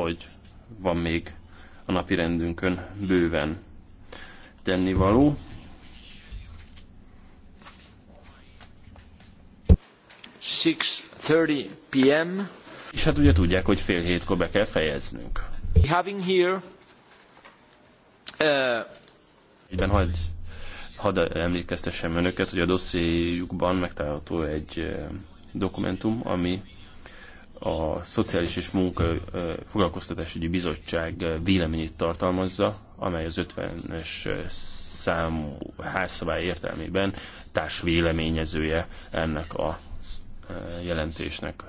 hogy van még a napi rendünkön bőven tennivaló. p.m. És hát ugye tudják, hogy fél hétkor be kell fejeznünk. Having here, uh... Egyben hagy, hadd emlékeztessem önöket, hogy a dossziéjukban megtalálható egy uh, dokumentum, ami a Szociális és Munka Foglalkoztatásügyi Bizottság véleményét tartalmazza, amely az 50-es számú házszabály értelmében társvéleményezője ennek a jelentésnek.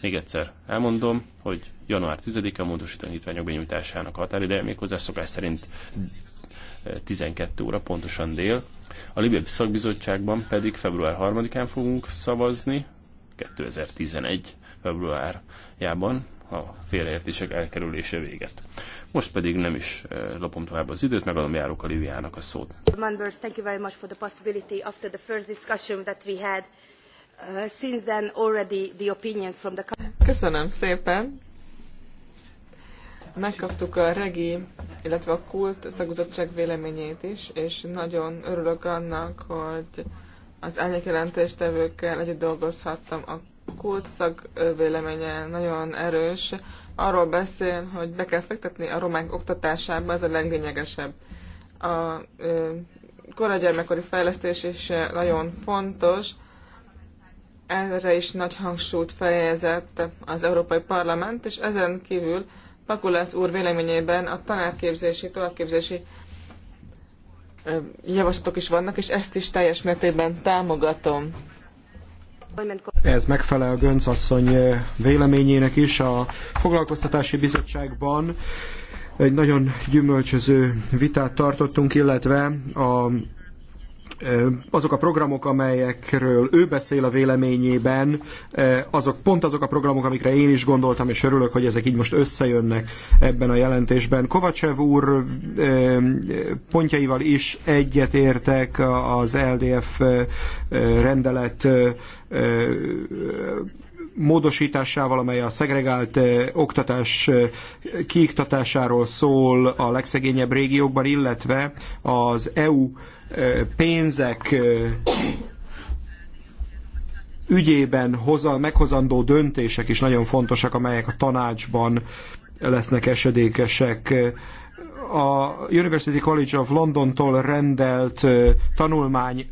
Még egyszer elmondom, hogy január 10-e módosítani hitványok benyújtásának határideje, méghozzá szokás szerint 12 óra, pontosan dél. A Libia Szakbizottságban pedig február 3-án fogunk szavazni, 2011 februárjában a félreértések elkerülése véget. Most pedig nem is eh, lapom tovább az időt, megadom járók a Liviának a szót. Members, thank you very much for the possibility after the first discussion that we had. Uh, since then already the opinions from the... Köszönöm szépen! megkaptuk a regi, illetve a kult szakbizottság véleményét is, és nagyon örülök annak, hogy az elnyékjelentéstevőkkel együtt dolgozhattam a kult szakvéleménye nagyon erős. Arról beszél, hogy be kell fektetni a romák oktatásába, ez a leglényegesebb. A koragyermekkori fejlesztés is nagyon fontos, erre is nagy hangsúlyt fejezett az Európai Parlament, és ezen kívül Pakulász úr véleményében a tanárképzési, továbbképzési javaslatok is vannak, és ezt is teljes mértékben támogatom ez megfelel Gönc asszony eh, véleményének is a foglalkoztatási bizottságban. Egy nagyon gyümölcsöző vitát tartottunk, illetve a azok a programok, amelyekről ő beszél a véleményében, azok pont azok a programok, amikre én is gondoltam, és örülök, hogy ezek így most összejönnek ebben a jelentésben. Kovacsev úr pontjaival is egyetértek az LDF rendelet módosításával, amely a szegregált eh, oktatás eh, kiiktatásáról szól a legszegényebb régiókban, illetve az EU eh, pénzek ügyében hozal, meghozandó döntések is nagyon fontosak, amelyek a tanácsban lesznek esedékesek a University College of London-tól rendelt tanulmány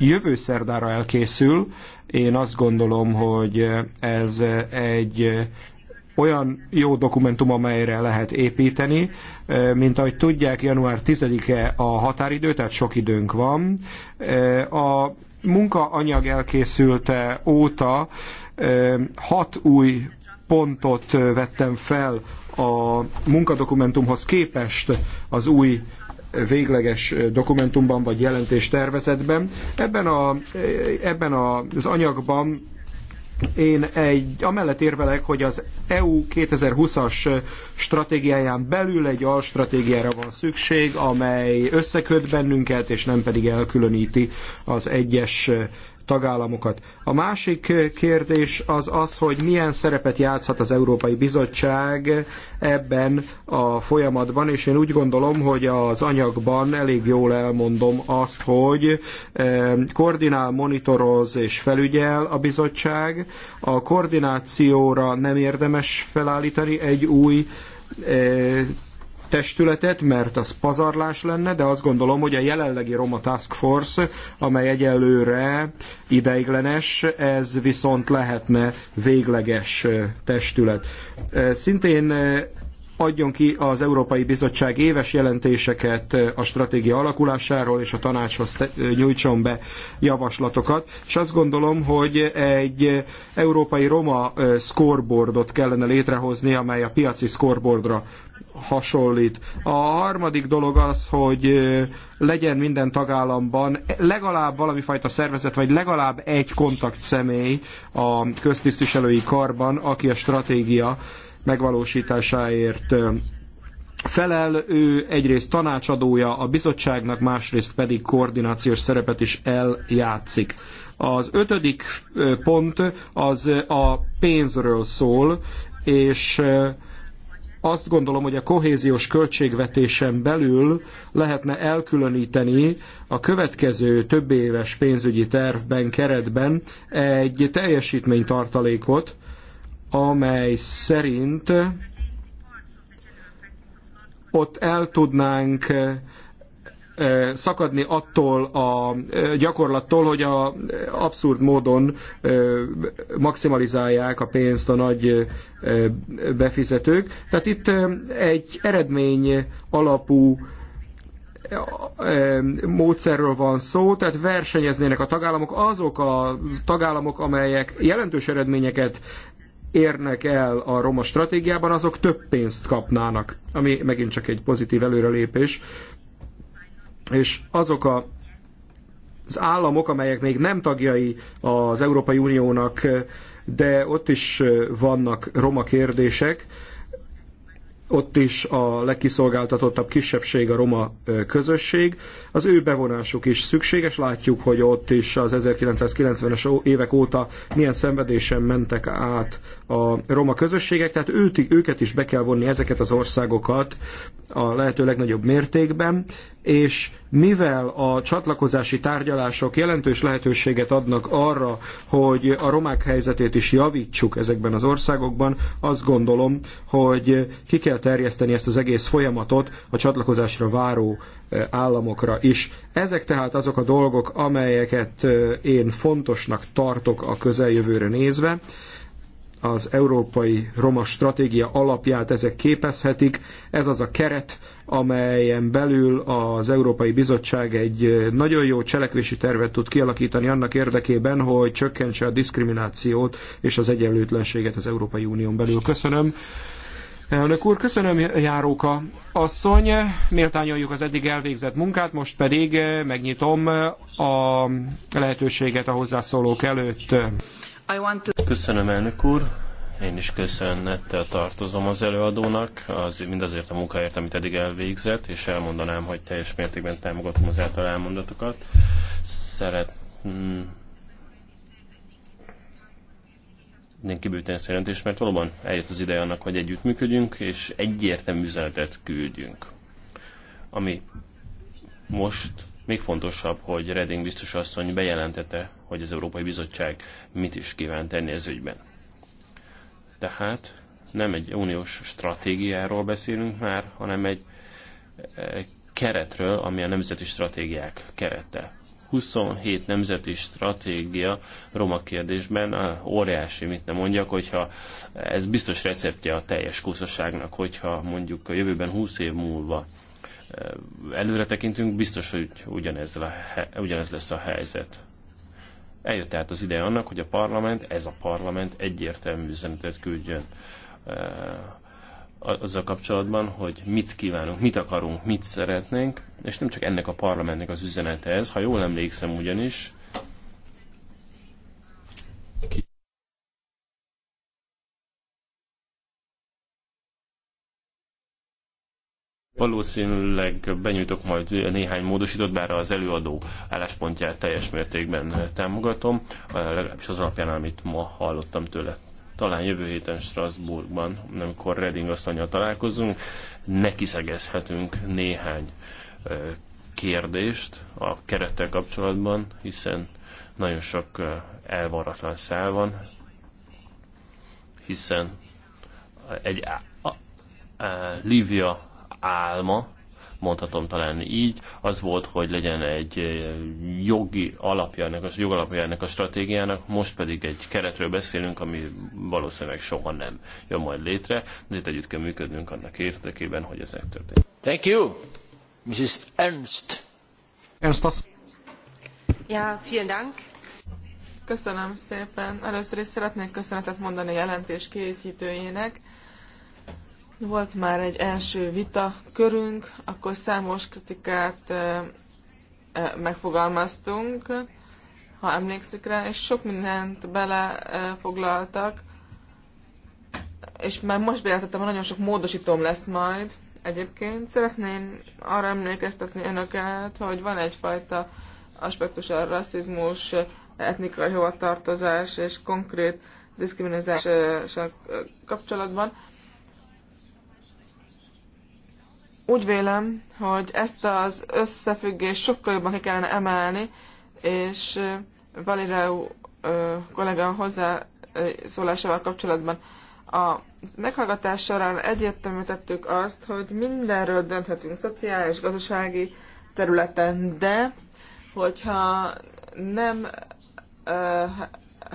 jövő szerdára elkészül. Én azt gondolom, hogy ez egy olyan jó dokumentum, amelyre lehet építeni. Mint ahogy tudják, január 10-e a határidő, tehát sok időnk van. A munkaanyag elkészülte óta eh, hat új pontot vettem fel a munkadokumentumhoz képest az új végleges dokumentumban vagy jelentéstervezetben. Ebben, a, ebben az anyagban én egy, amellett érvelek, hogy az EU 2020-as stratégiáján belül egy alstratégiára van szükség, amely összeköt bennünket, és nem pedig elkülöníti az egyes tagállamokat. A másik eh, kérdés az az, hogy milyen szerepet játszhat az Európai Bizottság ebben a folyamatban, és én úgy gondolom, hogy az anyagban elég jól elmondom azt, hogy eh, koordinál, monitoroz és felügyel a bizottság. A koordinációra nem érdemes felállítani egy új eh, testületet, mert az pazarlás lenne, de azt gondolom, hogy a jelenlegi Roma Task Force, amely egyelőre ideiglenes, ez viszont lehetne végleges testület. Szintén adjon ki az Európai Bizottság éves jelentéseket a stratégia alakulásáról, és a tanácshoz nyújtson be javaslatokat. És azt gondolom, hogy egy európai roma scoreboardot kellene létrehozni, amely a piaci scoreboardra hasonlít. A harmadik dolog az, hogy legyen minden tagállamban legalább valami fajta szervezet, vagy legalább egy kontakt személy a köztisztviselői karban, aki a stratégia megvalósításáért felel, ő egyrészt tanácsadója a bizottságnak, másrészt pedig koordinációs szerepet is eljátszik. Az ötödik pont az a pénzről szól, és azt gondolom, hogy a kohéziós költségvetésen belül lehetne elkülöníteni a következő több éves pénzügyi tervben, keretben egy teljesítménytartalékot, amely szerint ott el tudnánk szakadni attól a gyakorlattól, hogy a abszurd módon maximalizálják a pénzt a nagy befizetők. Tehát itt egy eredmény alapú módszerről van szó, tehát versenyeznének a tagállamok, azok a tagállamok, amelyek jelentős eredményeket érnek el a roma stratégiában, azok több pénzt kapnának, ami megint csak egy pozitív előrelépés és azok a az államok, amelyek még nem tagjai az Európai Uniónak, de ott is vannak roma kérdések, ott is a legkiszolgáltatottabb kisebbség a roma közösség. Az ő bevonásuk is szükséges, látjuk, hogy ott is az 1990-es évek óta milyen szenvedésen mentek át a roma közösségek, tehát őt, őket is be kell vonni ezeket az országokat a lehető legnagyobb mértékben, és mivel a csatlakozási tárgyalások jelentős lehetőséget adnak arra, hogy a romák helyzetét is javítsuk ezekben az országokban, azt gondolom, hogy ki kell terjeszteni ezt az egész folyamatot a csatlakozásra váró államokra is. Ezek tehát azok a dolgok, amelyeket én fontosnak tartok a közeljövőre nézve az európai roma stratégia alapját ezek képezhetik. Ez az a keret, amelyen belül az Európai Bizottság egy nagyon jó cselekvési tervet tud kialakítani annak érdekében, hogy csökkentse a diszkriminációt és az egyenlőtlenséget az Európai Unión belül. Köszönöm. Elnök úr, köszönöm Járóka asszony, méltányoljuk az eddig elvégzett munkát, most pedig eh, megnyitom eh, a lehetőséget a hozzászólók előtt. Köszönöm elnök úr, én is köszönettel tartozom az előadónak, az, mindazért a munkáért, amit eddig elvégzett, és elmondanám, hogy teljes mértékben támogatom az által elmondatokat. Szeret, mindenki bűteni ezt jelentést, mert valóban eljött az ideje annak, hogy együttműködjünk, és egyértelmű üzenetet küldjünk. Ami most még fontosabb, hogy Reding biztos asszony bejelentette, hogy az Európai Bizottság mit is kíván tenni ez ügyben. Tehát nem egy uniós stratégiáról beszélünk már, hanem egy eh, keretről, ami a nemzeti stratégiák kerete. 27 nemzeti stratégia roma kérdésben óriási, mit nem mondjak, hogyha ez biztos receptje a teljes kószosságnak, hogyha mondjuk a jövőben 20 év múlva előre tekintünk, biztos, hogy ugyanez, le, ugyanez lesz a helyzet. Eljött tehát az ideje annak, hogy a parlament, ez a parlament egyértelmű üzenetet küldjön azzal kapcsolatban, hogy mit kívánunk, mit akarunk, mit szeretnénk, és nem csak ennek a parlamentnek az üzenete ez, ha jól emlékszem ugyanis, Valószínűleg benyújtok majd néhány módosított, bár az előadó álláspontját teljes mértékben támogatom, legalábbis az alapján, amit ma hallottam tőle talán jövő héten Strasbourgban, amikor Reding asszonyjal találkozunk, nekiszegezhetünk néhány kérdést a kerettel kapcsolatban, hiszen nagyon sok elvaratlan szál van, hiszen egy a, a, a, Lívia álma mondhatom talán így, az volt, hogy legyen egy jogi alapja ennek, a jogalapja ennek a stratégiának, most pedig egy keretről beszélünk, ami valószínűleg soha nem jön majd létre, de itt együtt kell működnünk annak érdekében, hogy ez megtörténjen. Thank you, Mrs. Ernst. Ernst az... Ja, vielen Dank. Köszönöm szépen. Először is szeretnék köszönetet mondani a jelentés készítőjének volt már egy első vita körünk, akkor számos kritikát megfogalmaztunk, ha emlékszik rá, és sok mindent belefoglaltak, és már most bejelentettem, hogy nagyon sok módosítom lesz majd. Egyébként szeretném arra emlékeztetni önöket, hogy van egyfajta aspektus a rasszizmus, etnikai hovatartozás és konkrét diszkriminálással kapcsolatban, Úgy vélem, hogy ezt az összefüggést sokkal jobban ki kellene emelni, és Valireu kollega hozzá szólásával kapcsolatban a meghallgatás során egyértelmű tettük azt, hogy mindenről dönthetünk szociális, gazdasági területen, de hogyha nem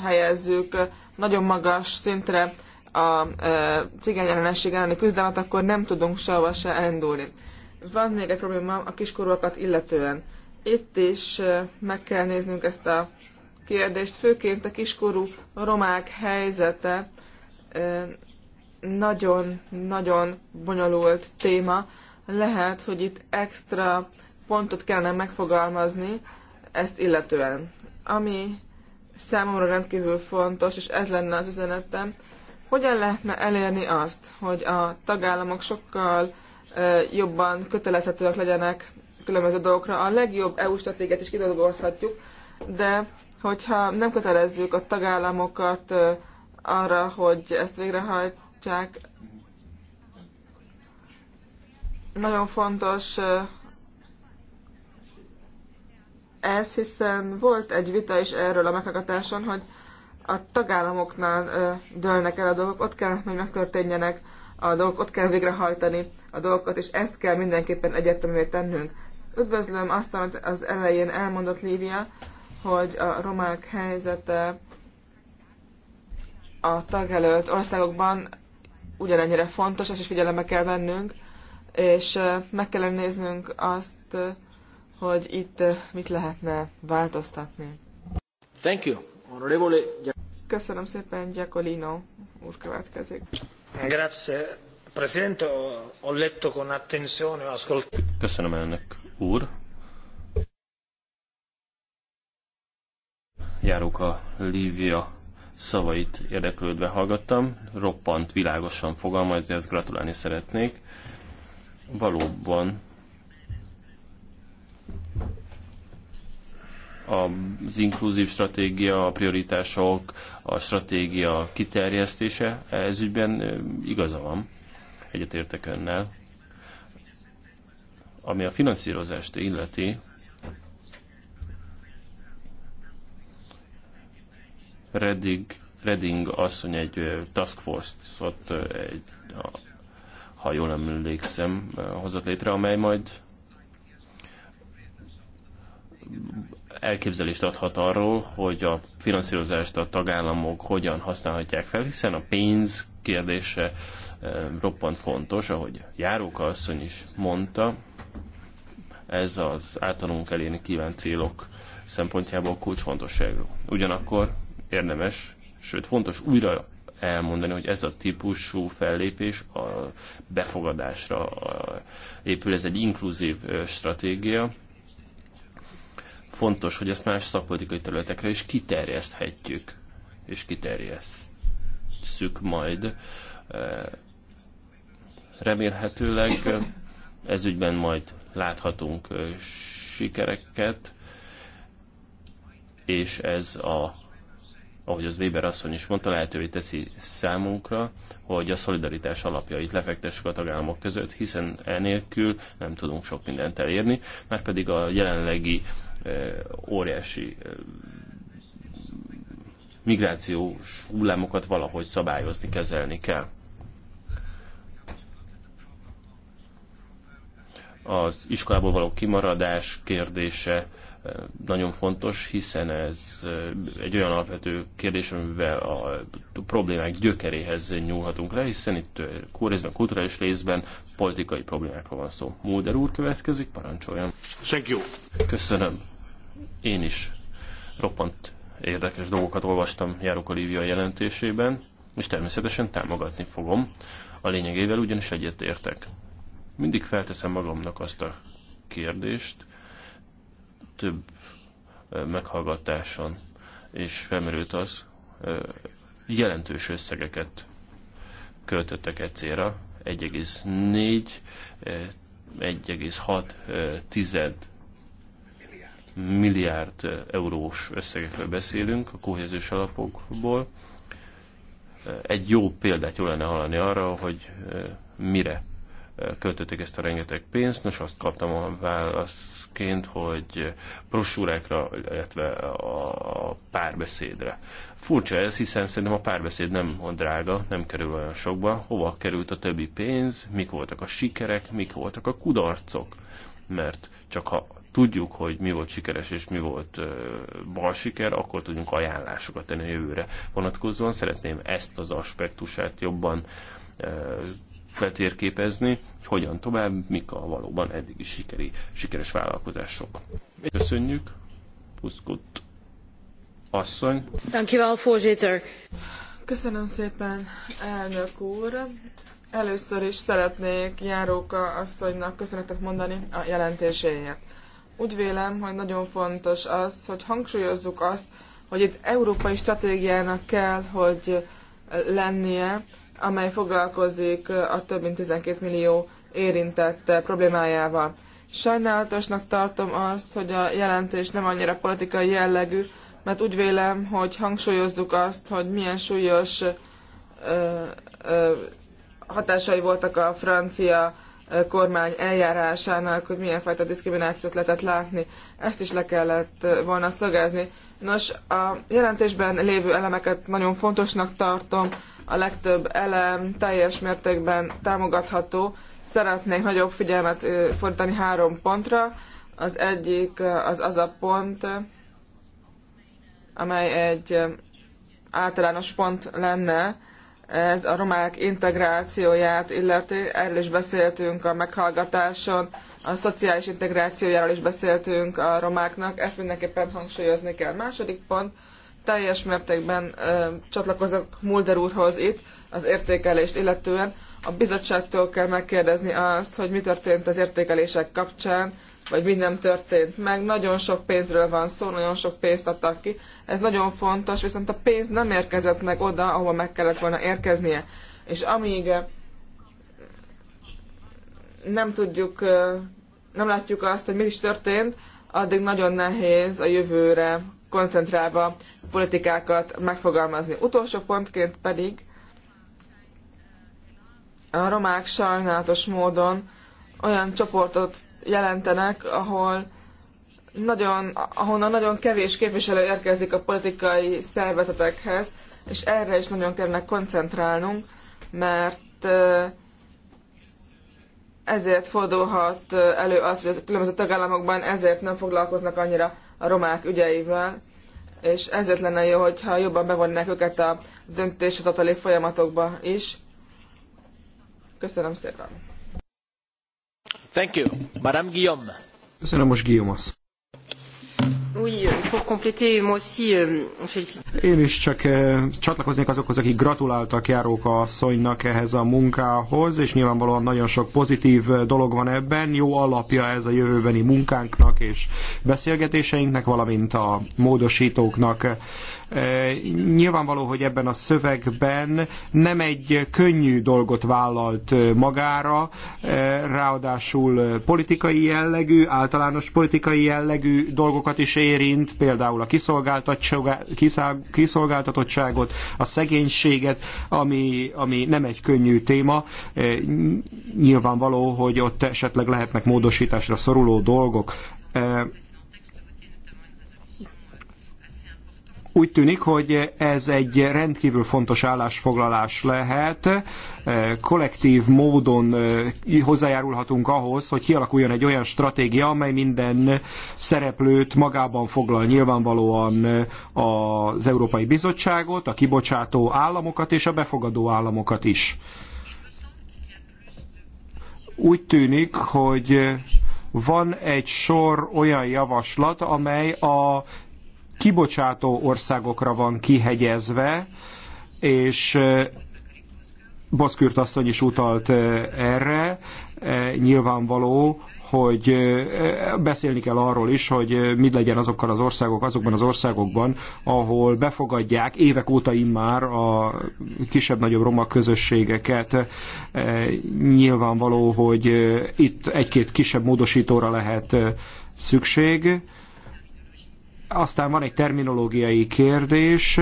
helyezzük nagyon magas szintre a cigány ellenesség elleni küzdelmet, akkor nem tudunk sehova se elindulni. Van még egy probléma a kiskorúakat illetően. Itt is meg kell néznünk ezt a kérdést, főként a kiskorú romák helyzete nagyon-nagyon bonyolult téma. Lehet, hogy itt extra pontot kellene megfogalmazni ezt illetően. Ami számomra rendkívül fontos, és ez lenne az üzenetem, hogyan lehetne elérni azt, hogy a tagállamok sokkal jobban kötelezhetőek legyenek különböző dolgokra? A legjobb EU stratégiát is kidolgozhatjuk, de hogyha nem kötelezzük a tagállamokat arra, hogy ezt végrehajtsák, nagyon fontos ez, hiszen volt egy vita is erről a meghallgatáson, hogy a tagállamoknál dőlnek el a dolgok, ott kell, hogy megtörténjenek a dolgok, ott kell végrehajtani a dolgokat, és ezt kell mindenképpen egyértelművé tennünk. Üdvözlöm azt, amit az elején elmondott Lívia, hogy a romák helyzete a tagelőtt országokban ugyanennyire fontos, ezt is figyelembe kell vennünk, és meg kell néznünk azt, hogy itt mit lehetne változtatni. Thank you. Köszönöm szépen, Giacolino úr következik. Grazie. Presidente, ho letto con attenzione, ascoltato. Köszönöm elnök úr. Járók a Lívia szavait érdeklődve hallgattam, roppant világosan fogalmazni, ezt gratulálni szeretnék. Valóban az inkluzív stratégia, a prioritások, a stratégia kiterjesztése, ez ügyben igaza van, egyetértek önnel. Ami a finanszírozást illeti, Redding, Redding asszony egy task force-ot, egy, ha jól emlékszem, hozott létre, amely majd elképzelést adhat arról, hogy a finanszírozást a tagállamok hogyan használhatják fel, hiszen a pénz kérdése eh, roppant fontos, ahogy Járóka asszony is mondta, ez az általunk elérni kívánt célok szempontjából kulcsfontosságú. Ugyanakkor érdemes, sőt fontos újra elmondani, hogy ez a típusú fellépés a befogadásra épül, ez egy inkluzív eh, stratégia, Fontos, hogy ezt más szakpolitikai területekre is kiterjeszthetjük, és kiterjesztjük majd. Remélhetőleg ez ügyben majd láthatunk sikereket, és ez a ahogy az Weber asszony is mondta, lehetővé teszi számunkra, hogy a szolidaritás alapjait lefektessük a tagállamok között, hiszen enélkül nem tudunk sok mindent elérni, mert pedig a jelenlegi eh, óriási eh, migrációs hullámokat valahogy szabályozni, kezelni kell. Az iskolából való kimaradás kérdése, nagyon fontos, hiszen ez egy olyan alapvető kérdés, amivel a problémák gyökeréhez nyúlhatunk le, hiszen itt részben kulturális részben politikai problémákról van szó. Móder úr következik, parancsoljon. Thank you. Köszönöm. Én is roppant érdekes dolgokat olvastam Járók Olivia jelentésében, és természetesen támogatni fogom. A lényegével ugyanis egyet értek. Mindig felteszem magamnak azt a kérdést, több meghallgatáson és felmerült az, jelentős összegeket költöttek e egy célra, 1,4, 1,6 tized milliárd eurós összegekről beszélünk a kohéziós alapokból. Egy jó példát jól lenne hallani arra, hogy mire költötték ezt a rengeteg pénzt. Nos, azt kaptam a válaszként, hogy brosúrákra, illetve a párbeszédre. Furcsa ez, hiszen szerintem a párbeszéd nem a drága, nem kerül olyan sokba. Hova került a többi pénz, mik voltak a sikerek, mik voltak a kudarcok. Mert csak ha tudjuk, hogy mi volt sikeres és mi volt bal siker, akkor tudjunk ajánlásokat tenni a jövőre vonatkozóan. Szeretném ezt az aspektusát jobban feltérképezni, hogy hogyan tovább, mik a valóban eddigi sikeri, sikeres vállalkozások. Köszönjük, Puszkut asszony. Köszönöm szépen, elnök úr. Először is szeretnék Járóka asszonynak köszönetet mondani a jelentéséért. Úgy vélem, hogy nagyon fontos az, hogy hangsúlyozzuk azt, hogy itt európai stratégiának kell, hogy lennie, amely foglalkozik a több mint 12 millió érintett problémájával. Sajnálatosnak tartom azt, hogy a jelentés nem annyira politikai jellegű, mert úgy vélem, hogy hangsúlyozzuk azt, hogy milyen súlyos ö, ö, hatásai voltak a francia kormány eljárásának, hogy milyen fajta diszkriminációt lehetett látni. Ezt is le kellett volna szögezni. Nos, a jelentésben lévő elemeket nagyon fontosnak tartom, a legtöbb elem teljes mértékben támogatható. Szeretnék nagyobb figyelmet fordítani három pontra. Az egyik az az a pont, amely egy általános pont lenne, ez a romák integrációját illeti, erről is beszéltünk a meghallgatáson, a szociális integrációjáról is beszéltünk a romáknak, ezt mindenképpen hangsúlyozni kell. Második pont, teljes mértékben csatlakozok Mulder úrhoz itt az értékelést illetően. A bizottságtól kell megkérdezni azt, hogy mi történt az értékelések kapcsán, vagy mi nem történt meg. Nagyon sok pénzről van szó, nagyon sok pénzt adtak ki. Ez nagyon fontos, viszont a pénz nem érkezett meg oda, ahova meg kellett volna érkeznie. És amíg nem tudjuk, nem látjuk azt, hogy mi is történt, addig nagyon nehéz a jövőre koncentrálva politikákat megfogalmazni. Utolsó pontként pedig a romák sajnálatos módon olyan csoportot jelentenek, ahol nagyon, ahonnan nagyon kevés képviselő érkezik a politikai szervezetekhez, és erre is nagyon kellene koncentrálnunk, mert ezért fordulhat elő az, hogy a különböző tagállamokban ezért nem foglalkoznak annyira a romák ügyeivel, és ezért lenne jó, hogyha jobban bevonnák őket a döntéshozatali folyamatokba is. Köszönöm szépen. Thank you. Madame Guillaume. Köszönöm most Guillaume -hoz. Oui, Euh, Én is csak eh, csatlakoznék azokhoz, akik gratuláltak Járóka asszonynak ehhez a munkához, és nyilvánvalóan nagyon sok pozitív eh, dolog van ebben. Jó alapja ez a jövőbeni munkánknak és beszélgetéseinknek, valamint a módosítóknak. Eh, nyilvánvaló, hogy ebben a szövegben nem egy könnyű dolgot vállalt magára, ráadásul politikai jellegű, általános politikai jellegű dolgokat is érint, például a kiszolgáltatottságot, a szegénységet, ami, ami nem egy könnyű téma. E, nyilvánvaló, hogy ott esetleg lehetnek módosításra szoruló dolgok e, Úgy tűnik, hogy ez egy rendkívül fontos állásfoglalás lehet. Kollektív módon hozzájárulhatunk ahhoz, hogy kialakuljon egy olyan stratégia, amely minden szereplőt magában foglal nyilvánvalóan az Európai Bizottságot, a kibocsátó államokat és a befogadó államokat is. Úgy tűnik, hogy van egy sor olyan javaslat, amely a kibocsátó országokra van kihegyezve, és Boszkürt asszony is utalt erre, nyilvánvaló, hogy beszélni kell arról is, hogy mit legyen azokkal az országok, azokban az országokban, ahol befogadják évek óta immár a kisebb-nagyobb roma közösségeket. Nyilvánvaló, hogy itt egy-két kisebb módosítóra lehet szükség. Aztán van egy terminológiai kérdés.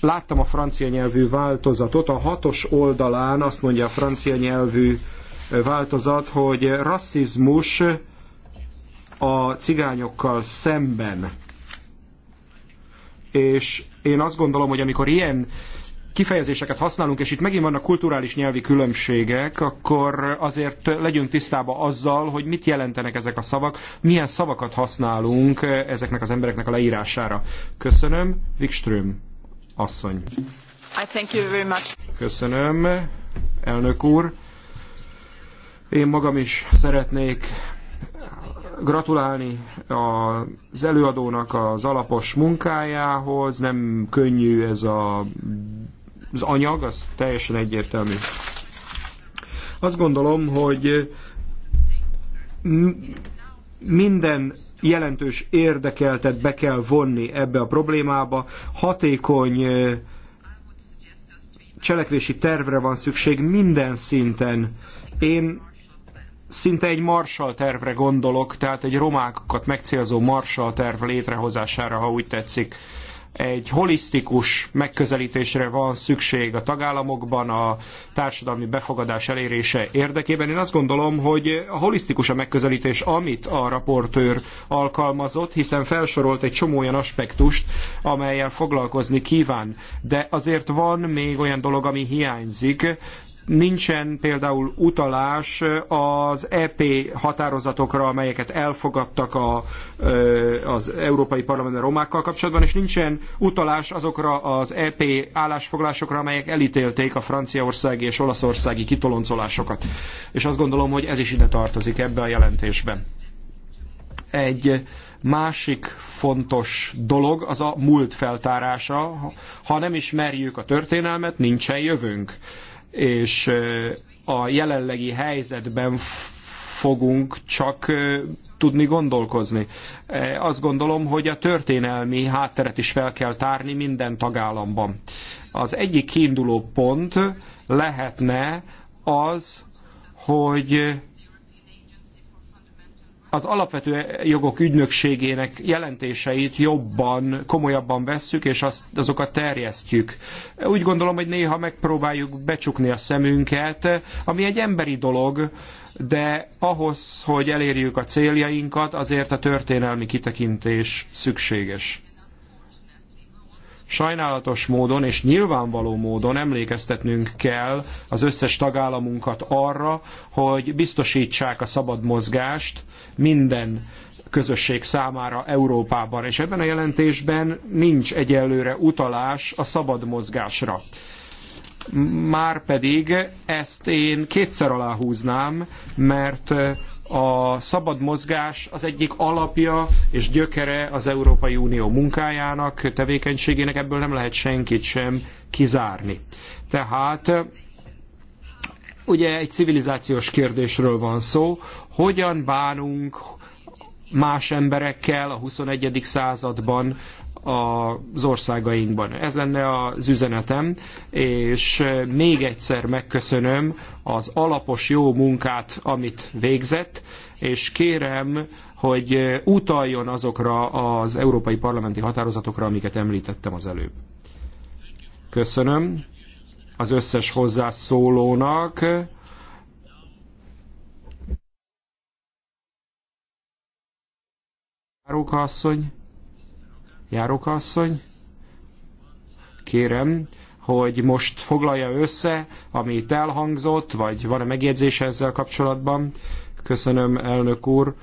Láttam a francia nyelvű változatot. A hatos oldalán azt mondja a francia nyelvű változat, hogy rasszizmus a cigányokkal szemben. És én azt gondolom, hogy amikor ilyen kifejezéseket használunk, és itt megint vannak kulturális nyelvi különbségek, akkor azért legyünk tisztába azzal, hogy mit jelentenek ezek a szavak, milyen szavakat használunk ezeknek az embereknek a leírására. Köszönöm, Wikström asszony. I thank you very much. Köszönöm, elnök úr. Én magam is szeretnék gratulálni az előadónak az alapos munkájához. Nem könnyű ez a az anyag, az teljesen egyértelmű. Azt gondolom, hogy minden jelentős érdekeltet be kell vonni ebbe a problémába, hatékony cselekvési tervre van szükség minden szinten. Én szinte egy marsal tervre gondolok, tehát egy romákat megcélzó marsal terv létrehozására, ha úgy tetszik egy holisztikus megközelítésre van szükség a tagállamokban a társadalmi befogadás elérése érdekében. Én azt gondolom, hogy a holisztikus a megközelítés, amit a raportőr alkalmazott, hiszen felsorolt egy csomó olyan aspektust, amelyel foglalkozni kíván. De azért van még olyan dolog, ami hiányzik, Nincsen például utalás az EP határozatokra, amelyeket elfogadtak a, az Európai Parlament romákkal kapcsolatban, és nincsen utalás azokra az EP állásfoglásokra, amelyek elítélték a franciaországi és olaszországi kitoloncolásokat. És azt gondolom, hogy ez is ide tartozik ebbe a jelentésbe. Egy másik fontos dolog az a múlt feltárása. Ha nem ismerjük a történelmet, nincsen jövőnk és a jelenlegi helyzetben fogunk csak tudni gondolkozni. Azt gondolom, hogy a történelmi hátteret is fel kell tárni minden tagállamban. Az egyik kiinduló pont lehetne az, hogy az alapvető jogok ügynökségének jelentéseit jobban, komolyabban vesszük, és azt, azokat terjesztjük. Úgy gondolom, hogy néha megpróbáljuk becsukni a szemünket, ami egy emberi dolog, de ahhoz, hogy elérjük a céljainkat, azért a történelmi kitekintés szükséges. Sajnálatos módon és nyilvánvaló módon emlékeztetnünk kell az összes tagállamunkat arra, hogy biztosítsák a szabad mozgást minden közösség számára Európában, és ebben a jelentésben nincs egyelőre utalás a szabad mozgásra. Márpedig ezt én kétszer aláhúznám, mert a szabad mozgás az egyik alapja és gyökere az Európai Unió munkájának, tevékenységének, ebből nem lehet senkit sem kizárni. Tehát ugye egy civilizációs kérdésről van szó, hogyan bánunk más emberekkel a 21. században, az országainkban. Ez lenne az üzenetem, és még egyszer megköszönöm az alapos jó munkát, amit végzett, és kérem, hogy utaljon azokra az európai parlamenti határozatokra, amiket említettem az előbb. Köszönöm az összes hozzászólónak. Róka asszony. Járókasszony, kérem, hogy most foglalja össze, amit elhangzott, vagy van-e megjegyzése ezzel kapcsolatban. Köszönöm, elnök úr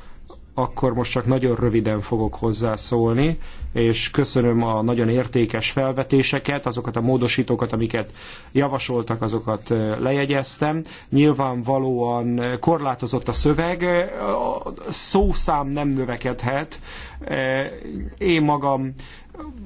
akkor most csak nagyon röviden fogok hozzászólni, és köszönöm a nagyon értékes felvetéseket, azokat a módosítókat, amiket javasoltak, azokat lejegyeztem. Nyilvánvalóan korlátozott a szöveg, a szószám nem növekedhet. Én magam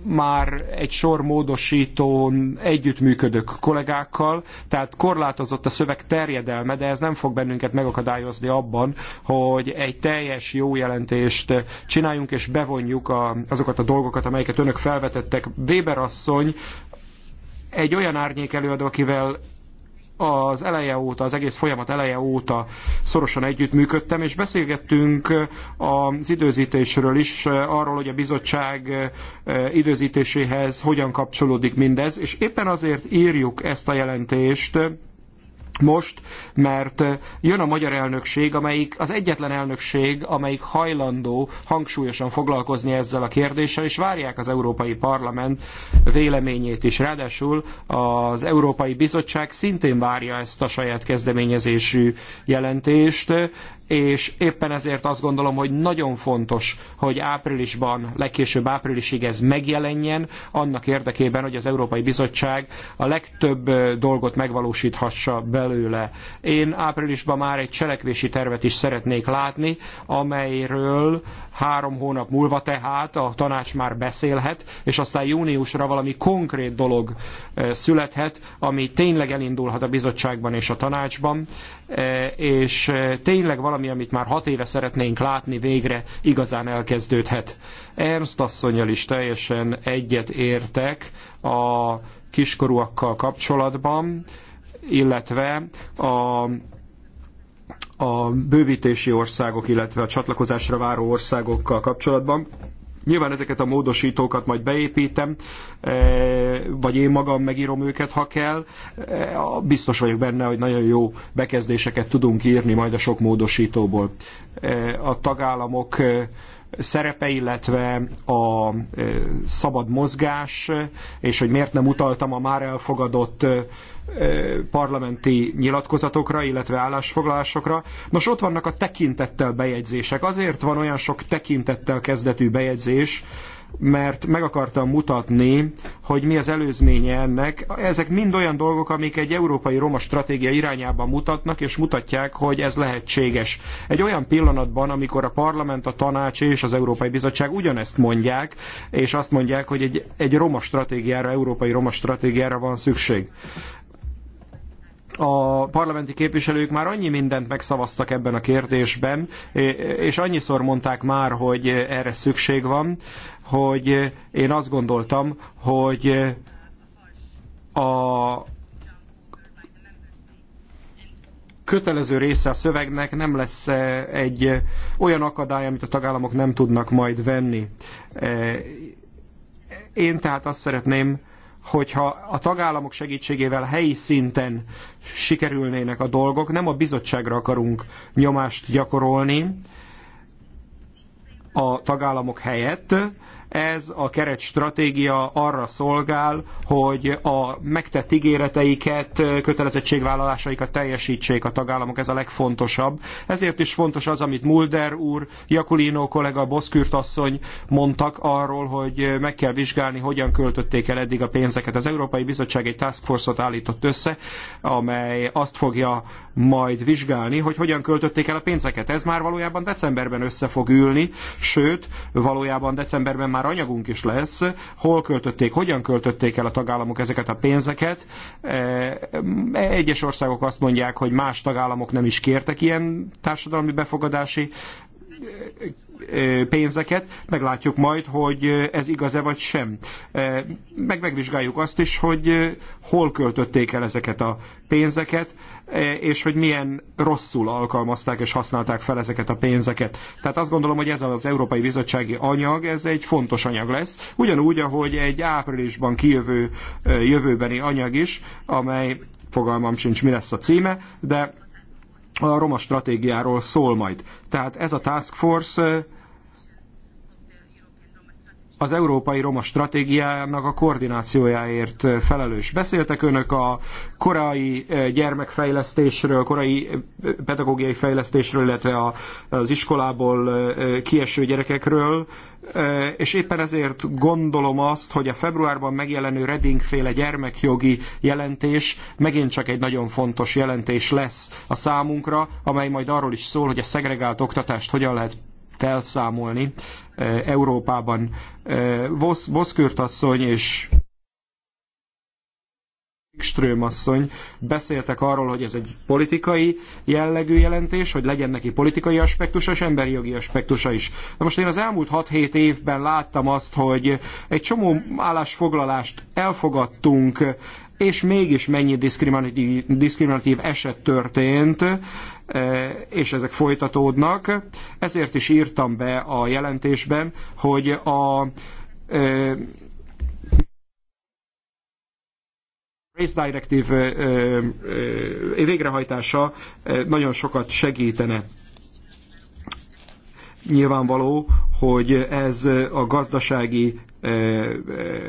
már egy sor módosítón együttműködök kollégákkal, tehát korlátozott a szöveg terjedelme, de ez nem fog bennünket megakadályozni abban, hogy egy teljes jó jelentést csináljunk és bevonjuk a, azokat a dolgokat, amelyeket önök felvetettek. Weber asszony egy olyan árnyék előadó, akivel az eleje óta, az egész folyamat eleje óta szorosan együttműködtem, és beszélgettünk eh, az időzítésről is, eh, arról, hogy a bizottság eh, időzítéséhez hogyan kapcsolódik mindez, és éppen azért írjuk ezt a jelentést, most, mert eh, jön a magyar elnökség, amelyik az egyetlen elnökség, amelyik hajlandó hangsúlyosan foglalkozni ezzel a kérdéssel, és várják az Európai Parlament véleményét is. Ráadásul az Európai Bizottság szintén várja ezt a saját kezdeményezésű jelentést, eh, és éppen ezért azt gondolom, hogy nagyon fontos, hogy áprilisban, legkésőbb áprilisig ez megjelenjen, annak érdekében, hogy az Európai Bizottság a legtöbb dolgot megvalósíthassa belőle. Én áprilisban már egy cselekvési tervet is szeretnék látni, amelyről három hónap múlva tehát a tanács már beszélhet, és aztán júniusra valami konkrét dolog születhet, ami tényleg elindulhat a bizottságban és a tanácsban, E, és e, tényleg valami, amit már hat éve szeretnénk látni, végre igazán elkezdődhet. Ernst asszonyjal is teljesen egyet értek a kiskorúakkal kapcsolatban, illetve a a bővítési országok, illetve a csatlakozásra váró országokkal kapcsolatban. Nyilván ezeket a módosítókat majd beépítem, e, vagy én magam megírom őket, ha kell. E, biztos vagyok benne, hogy nagyon jó bekezdéseket tudunk írni majd a sok módosítóból. E, a tagállamok szerepe, illetve a szabad mozgás, és hogy miért nem utaltam a már elfogadott parlamenti nyilatkozatokra, illetve állásfoglalásokra. Nos, ott vannak a tekintettel bejegyzések. Azért van olyan sok tekintettel kezdetű bejegyzés, mert meg akartam mutatni, hogy mi az előzménye ennek. Ezek mind olyan dolgok, amik egy európai roma stratégia irányába mutatnak, és mutatják, hogy ez lehetséges. Egy olyan pillanatban, amikor a parlament, a tanács és az Európai Bizottság ugyanezt mondják, és azt mondják, hogy egy, egy roma stratégiára, európai roma stratégiára van szükség a parlamenti képviselők már annyi mindent megszavaztak ebben a kérdésben, és annyiszor mondták már, hogy erre szükség van, hogy eh, én azt gondoltam, hogy eh, a kötelező része a szövegnek nem lesz eh, egy olyan akadály, amit a tagállamok nem tudnak majd venni. Én tehát azt szeretném, hogyha a tagállamok segítségével helyi szinten sikerülnének a dolgok, nem a bizottságra akarunk nyomást gyakorolni a tagállamok helyett, ez a keret stratégia arra szolgál, hogy a megtett ígéreteiket, kötelezettségvállalásaikat teljesítsék a tagállamok, ez a legfontosabb. Ezért is fontos az, amit Mulder úr, Jakulino kollega, Boszkürt asszony mondtak arról, hogy meg kell vizsgálni, hogyan költötték el eddig a pénzeket. Az Európai Bizottság egy task force-ot állított össze, amely azt fogja majd vizsgálni, hogy hogyan költötték el a pénzeket. Ez már valójában decemberben össze fog ülni, sőt, valójában decemberben már anyagunk is lesz, hol költötték, hogyan költötték el a tagállamok ezeket a pénzeket. E, e, egyes országok azt mondják, hogy más tagállamok nem is kértek ilyen társadalmi befogadási e, pénzeket, meglátjuk majd, hogy ez igaz-e vagy sem. Meg megvizsgáljuk azt is, hogy hol költötték el ezeket a pénzeket, E, és hogy milyen rosszul alkalmazták és használták fel ezeket a pénzeket. Tehát azt gondolom, hogy ez az Európai Bizottsági anyag, ez egy fontos anyag lesz, ugyanúgy, ahogy egy áprilisban kijövő e, jövőbeni anyag is, amely fogalmam sincs, mi lesz a címe, de a roma stratégiáról szól majd. Tehát ez a task force e, az Európai Roma Stratégiának a koordinációjáért felelős. Beszéltek önök a korai eh, gyermekfejlesztésről, korai eh, pedagógiai fejlesztésről, illetve az iskolából eh, kieső gyerekekről, és éppen ezért gondolom azt, hogy a februárban megjelenő Reding féle gyermekjogi jelentés megint csak egy nagyon fontos jelentés lesz a számunkra, amely majd arról is szól, hogy a szegregált oktatást hogyan lehet felszámolni Eh, Európában. Eh, Vosz, Voszkürt asszony és Ström asszony beszéltek arról, hogy ez egy politikai jellegű jelentés, hogy legyen neki politikai aspektusa és emberi jogi aspektusa is. Na most én az elmúlt 6-7 évben láttam azt, hogy egy csomó állásfoglalást elfogadtunk és mégis mennyi diszkriminatív, diszkriminatív eset történt, e, és ezek folytatódnak. Ezért is írtam be a jelentésben, hogy a e, Race Directive e, végrehajtása nagyon sokat segítene. Nyilvánvaló, hogy ez a gazdasági eh, eh,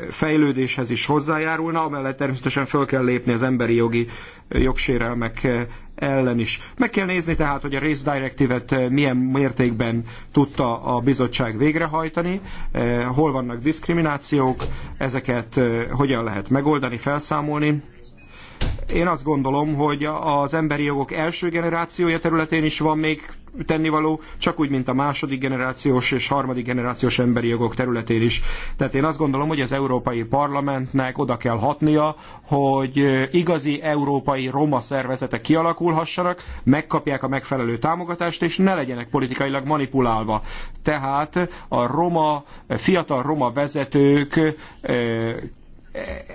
fejlődéshez is hozzájárulna, amellett természetesen föl kell lépni az emberi jogi eh, jogsérelmek ellen is. Meg kell nézni tehát, hogy a Race Directive-et milyen mértékben tudta a bizottság végrehajtani, hol vannak diszkriminációk, ezeket hogyan lehet megoldani, felszámolni én azt gondolom, hogy az emberi jogok első generációja területén is van még tennivaló, csak úgy, mint a második generációs és harmadik generációs emberi jogok területén is. Tehát én azt gondolom, hogy az Európai Parlamentnek oda kell hatnia, hogy igazi európai roma szervezetek kialakulhassanak, megkapják a megfelelő támogatást, és ne legyenek politikailag manipulálva. Tehát a roma, fiatal roma vezetők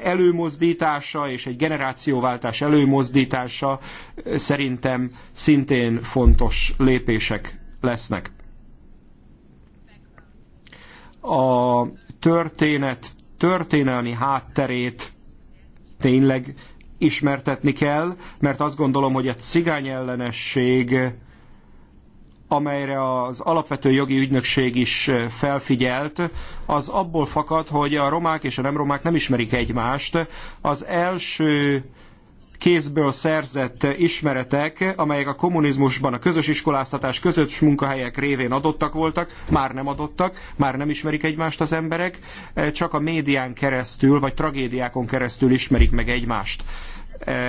előmozdítása és egy generációváltás előmozdítása szerintem szintén fontos lépések lesznek. A történet történelmi hátterét tényleg ismertetni kell, mert azt gondolom, hogy a cigány ellenesség amelyre az alapvető jogi ügynökség is felfigyelt, az abból fakad, hogy a romák és a nem romák nem ismerik egymást. Az első kézből szerzett ismeretek, amelyek a kommunizmusban a közös iskoláztatás, közös munkahelyek révén adottak voltak, már nem adottak, már nem ismerik egymást az emberek, csak a médián keresztül, vagy tragédiákon keresztül ismerik meg egymást.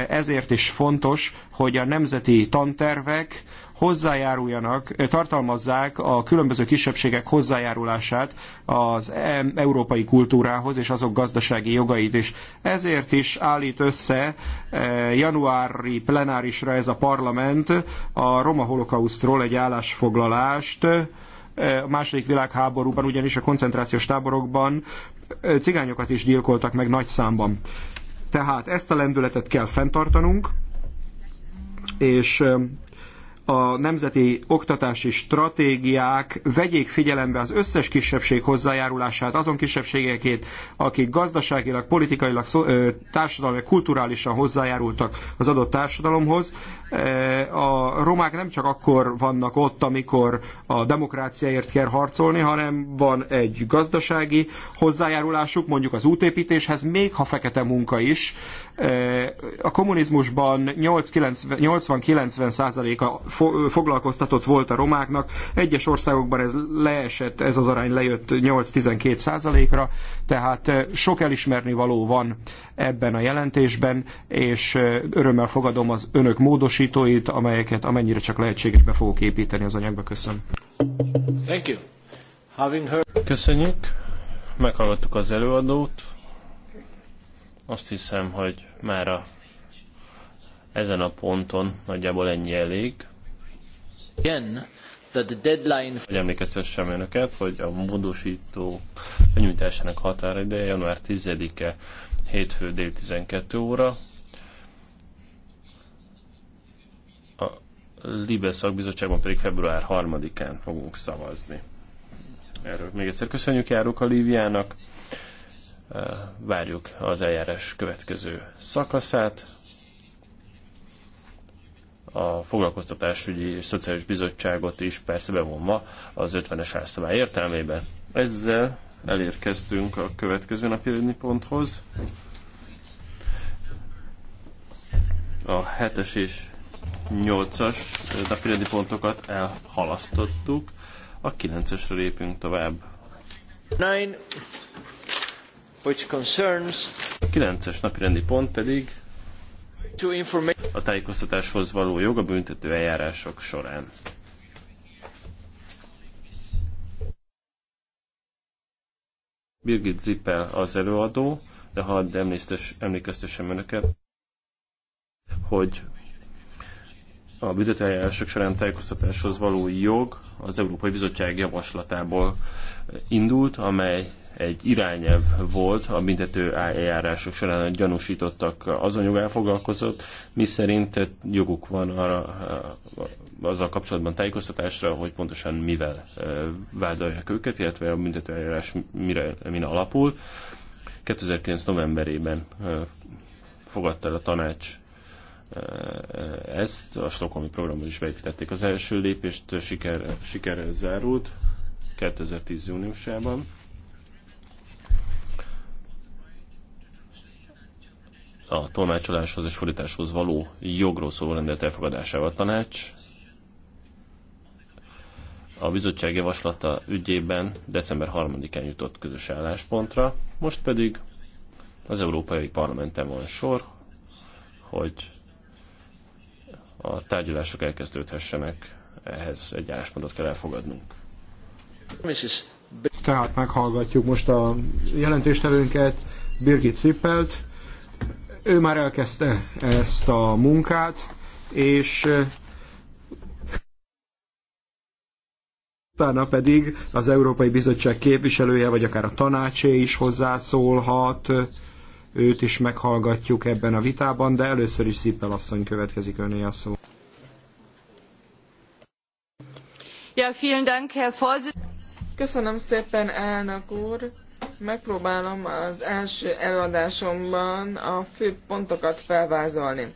Ezért is fontos, hogy a nemzeti tantervek, hozzájáruljanak, tartalmazzák a különböző kisebbségek hozzájárulását az európai kultúrához és azok gazdasági jogait is. Ezért is állít össze januári plenárisra ez a parlament a roma holokausztról egy állásfoglalást, a második világháborúban, ugyanis a koncentrációs táborokban cigányokat is gyilkoltak meg nagy számban. Tehát ezt a lendületet kell fenntartanunk, és a nemzeti oktatási stratégiák vegyék figyelembe az összes kisebbség hozzájárulását, azon kisebbségekét, akik gazdaságilag, politikailag, társadalmi, kulturálisan hozzájárultak az adott társadalomhoz. A romák nem csak akkor vannak ott, amikor a demokráciáért kell harcolni, hanem van egy gazdasági hozzájárulásuk, mondjuk az útépítéshez, még ha fekete munka is. A kommunizmusban 80-90 százaléka foglalkoztatott volt a romáknak. Egyes országokban ez leesett, ez az arány lejött 8-12 százalékra, tehát sok elismerni való van ebben a jelentésben, és örömmel fogadom az önök módosítóit, amelyeket amennyire csak lehetséges be fogok építeni az anyagba. Köszönöm. Thank you. Having heard... Köszönjük. Meghallgattuk az előadót. Azt hiszem, hogy már a ezen a ponton nagyjából ennyi elég. Hogy emlékeztessem önöket, hogy a módosító benyújtásának határideje január 10-e, hétfő dél 12 óra. A Libe szakbizottságban pedig február 3-án fogunk szavazni. Erről még egyszer köszönjük járók a Líviának. Várjuk az eljárás következő szakaszát a Foglalkoztatásügyi és Szociális Bizottságot is persze bevonva az 50-es házszabály értelmében. Ezzel elérkeztünk a következő napi ponthoz. A 7-es és 8-as napi pontokat elhalasztottuk, a 9-esre lépünk tovább. Nine, which concerns... A 9-es napirendi pont pedig a tájékoztatáshoz való jog a büntető eljárások során. Birgit Zippel az előadó, de hadd emlékeztessem önöket, hogy a büntetőeljárások során tájékoztatáshoz való jog az Európai Bizottság javaslatából indult, amely egy irányelv volt a büntető eljárások során gyanúsítottak azon jogán foglalkozott, mi szerint joguk van arra, eh, azzal kapcsolatban tájékoztatásra, hogy pontosan mivel eh, vádolják őket, illetve a büntető eljárás mire, mire alapul. 2009. novemberében eh, fogadta el a tanács ezt, a stokholmi programot is beépítették. Az első lépést siker, sikerrel zárult 2010. júniusában a tolmácsoláshoz és fordításhoz való jogról szóló rendelet elfogadásával tanács a bizottság javaslata ügyében december 3-án jutott közös álláspontra, most pedig az Európai Parlamenten van sor, hogy a tárgyalások elkezdődhessenek, ehhez egy álláspontot kell elfogadnunk. Tehát meghallgatjuk most a jelentéstevőnket, Birgit Zippelt, ő már elkezdte ezt a munkát, és eh, utána pedig az Európai Bizottság képviselője, vagy akár a tanácsé is hozzászólhat, őt is meghallgatjuk ebben a vitában, de először is Szippel asszony következik öné a szó. Ja, vielen Dank, Herr Köszönöm szépen, elnök úr! Megpróbálom az első előadásomban a fő pontokat felvázolni.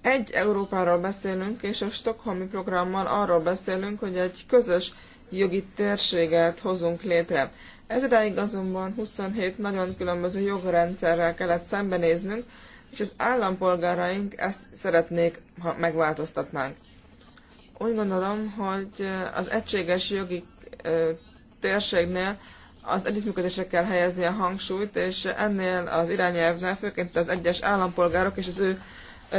Egy Európáról beszélünk, és a Stockholmi programmal arról beszélünk, hogy egy közös jogi térséget hozunk létre. Ez idáig azonban 27 nagyon különböző jogrendszerrel kellett szembenéznünk, és az állampolgáraink ezt szeretnék, ha megváltoztatnánk. Úgy gondolom, hogy az egységes jogi térségnél az együttműködésekkel helyezni a hangsúlyt, és ennél az irányelvnél főként az egyes állampolgárok és az ő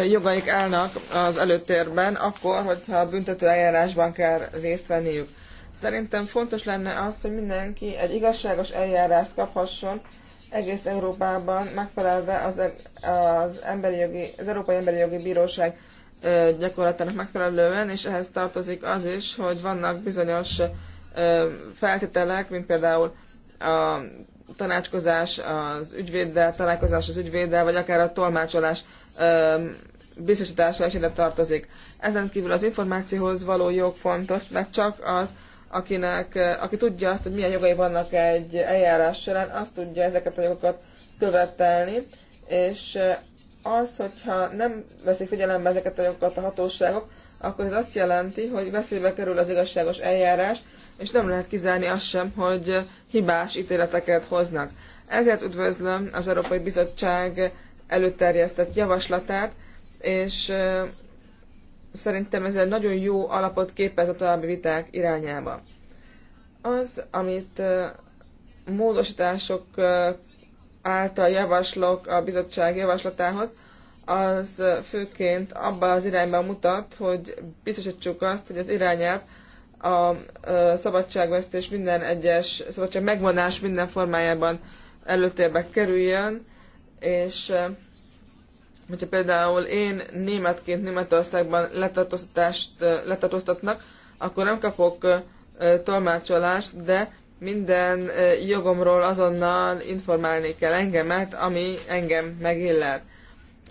jogaik állnak az előtérben, akkor, hogyha büntető eljárásban kell részt venniük. Szerintem fontos lenne az, hogy mindenki egy igazságos eljárást kaphasson egész Európában, megfelelve az, e- az, emberi jogi, az Európai Emberi Jogi Bíróság gyakorlatának megfelelően, és ehhez tartozik az is, hogy vannak bizonyos feltételek, mint például a tanácskozás az ügyvéddel, találkozás az ügyvéddel, vagy akár a tolmácsolás biztosítása is ide tartozik. Ezen kívül az információhoz való jog fontos, mert csak az, akinek, aki tudja azt, hogy milyen jogai vannak egy eljárás során, azt tudja ezeket a jogokat követelni, és az, hogyha nem veszik figyelembe ezeket a jogokat a hatóságok, akkor ez azt jelenti, hogy veszélybe kerül az igazságos eljárás, és nem lehet kizárni azt sem, hogy hibás ítéleteket hoznak. Ezért üdvözlöm az Európai Bizottság előterjesztett javaslatát, és szerintem ez egy nagyon jó alapot képez a további viták irányába. Az, amit módosítások által javaslok a bizottság javaslatához, az főként abba az irányban mutat, hogy biztosítsuk azt, hogy az irányelv a szabadságvesztés minden egyes, szabadság megvonás minden formájában előtérbe kerüljön, és hogyha például én németként Németországban letartóztatást, letartóztatnak, akkor nem kapok tolmácsolást, de minden jogomról azonnal informálni kell engemet, ami engem megillet.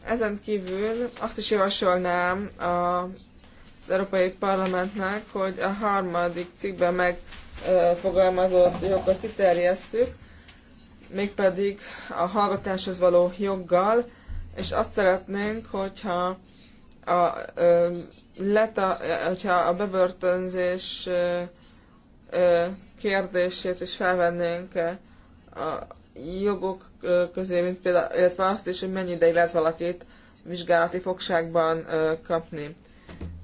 Ezen kívül azt is javasolnám a, az Európai Parlamentnek, hogy a harmadik cikkben megfogalmazott jogokat kiterjesszük, mégpedig a hallgatáshoz való joggal, és azt szeretnénk, hogyha a, ö, leta, hogyha a bebörtönzés ö, ö, kérdését is felvennénk a jogok közé, mint például, illetve azt is, hogy mennyi ideig lehet valakit vizsgálati fogságban kapni.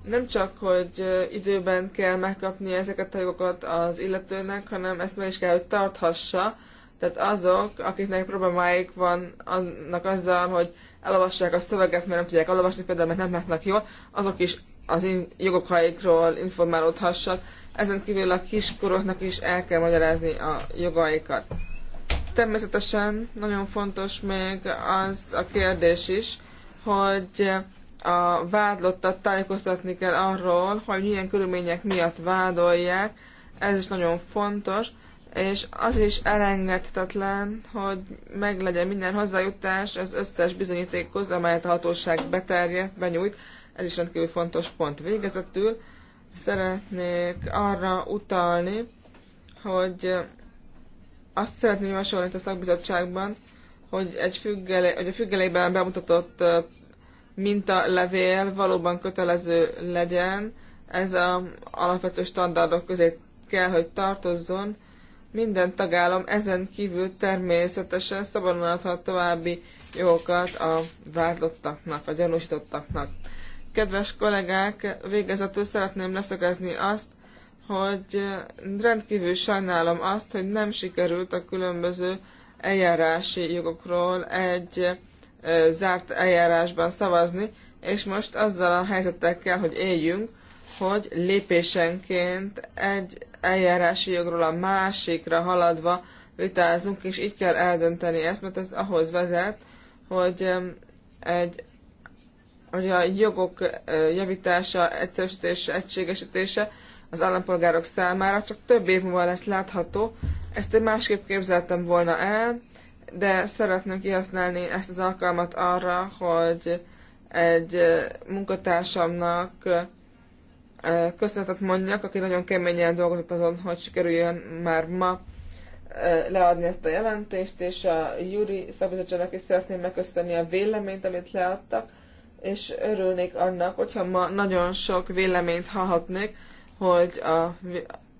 Nem csak, hogy időben kell megkapni ezeket a jogokat az illetőnek, hanem ezt meg is kell, hogy tarthassa. Tehát azok, akiknek problémáik van annak azzal, hogy elolvassák a szöveget, mert nem tudják elolvasni, például mert nem látnak jól, azok is az jogokaikról informálódhassak. Ezen kívül a kiskoroknak is el kell magyarázni a jogaikat. Természetesen nagyon fontos még az a kérdés is, hogy a vádlottat tájékoztatni kell arról, hogy milyen körülmények miatt vádolják, ez is nagyon fontos, és az is elengedhetetlen, hogy meglegyen minden hozzájutás az összes bizonyítékhoz, amelyet a hatóság beterjedt, benyújt, ez is rendkívül fontos pont. Végezetül szeretnék arra utalni, hogy azt szeretném javasolni itt a szakbizottságban, hogy, egy függele, hogy a függelékben bemutatott mintalevél valóban kötelező legyen, ez a alapvető standardok közé kell, hogy tartozzon. Minden tagállam ezen kívül természetesen szabadon adhat további jogokat a vádlottaknak, a gyanúsítottaknak. Kedves kollégák, végezetül szeretném leszögezni azt, hogy rendkívül sajnálom azt, hogy nem sikerült a különböző eljárási jogokról egy zárt eljárásban szavazni, és most azzal a helyzettel kell, hogy éljünk, hogy lépésenként egy eljárási jogról a másikra haladva vitázunk, és így kell eldönteni ezt, mert ez ahhoz vezet, hogy egy hogy a jogok javítása, egyszerűsítése, egységesítése az állampolgárok számára, csak több év múlva lesz látható. Ezt én másképp képzeltem volna el, de szeretném kihasználni ezt az alkalmat arra, hogy egy munkatársamnak köszönetet mondjak, aki nagyon keményen dolgozott azon, hogy sikerüljön már ma leadni ezt a jelentést, és a Júri szabizottságnak is szeretném megköszönni a véleményt, amit leadtak, és örülnék annak, hogyha ma nagyon sok véleményt hallhatnék, hogy a,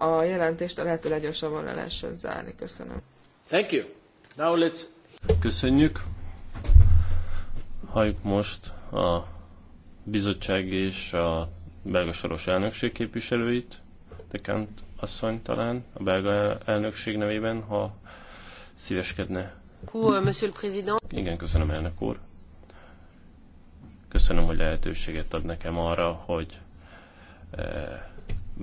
a jelentést a lehető leggyorsabban le lehessen zárni. Köszönöm. Thank you. Now let's... Köszönjük. Halljuk most a bizottság és a belga soros elnökség képviselőit. Dekant asszony talán a belga elnökség nevében, ha szíveskedne. Monsieur le Président. Igen, köszönöm elnök úr. Köszönöm, hogy lehetőséget ad nekem arra, hogy eh,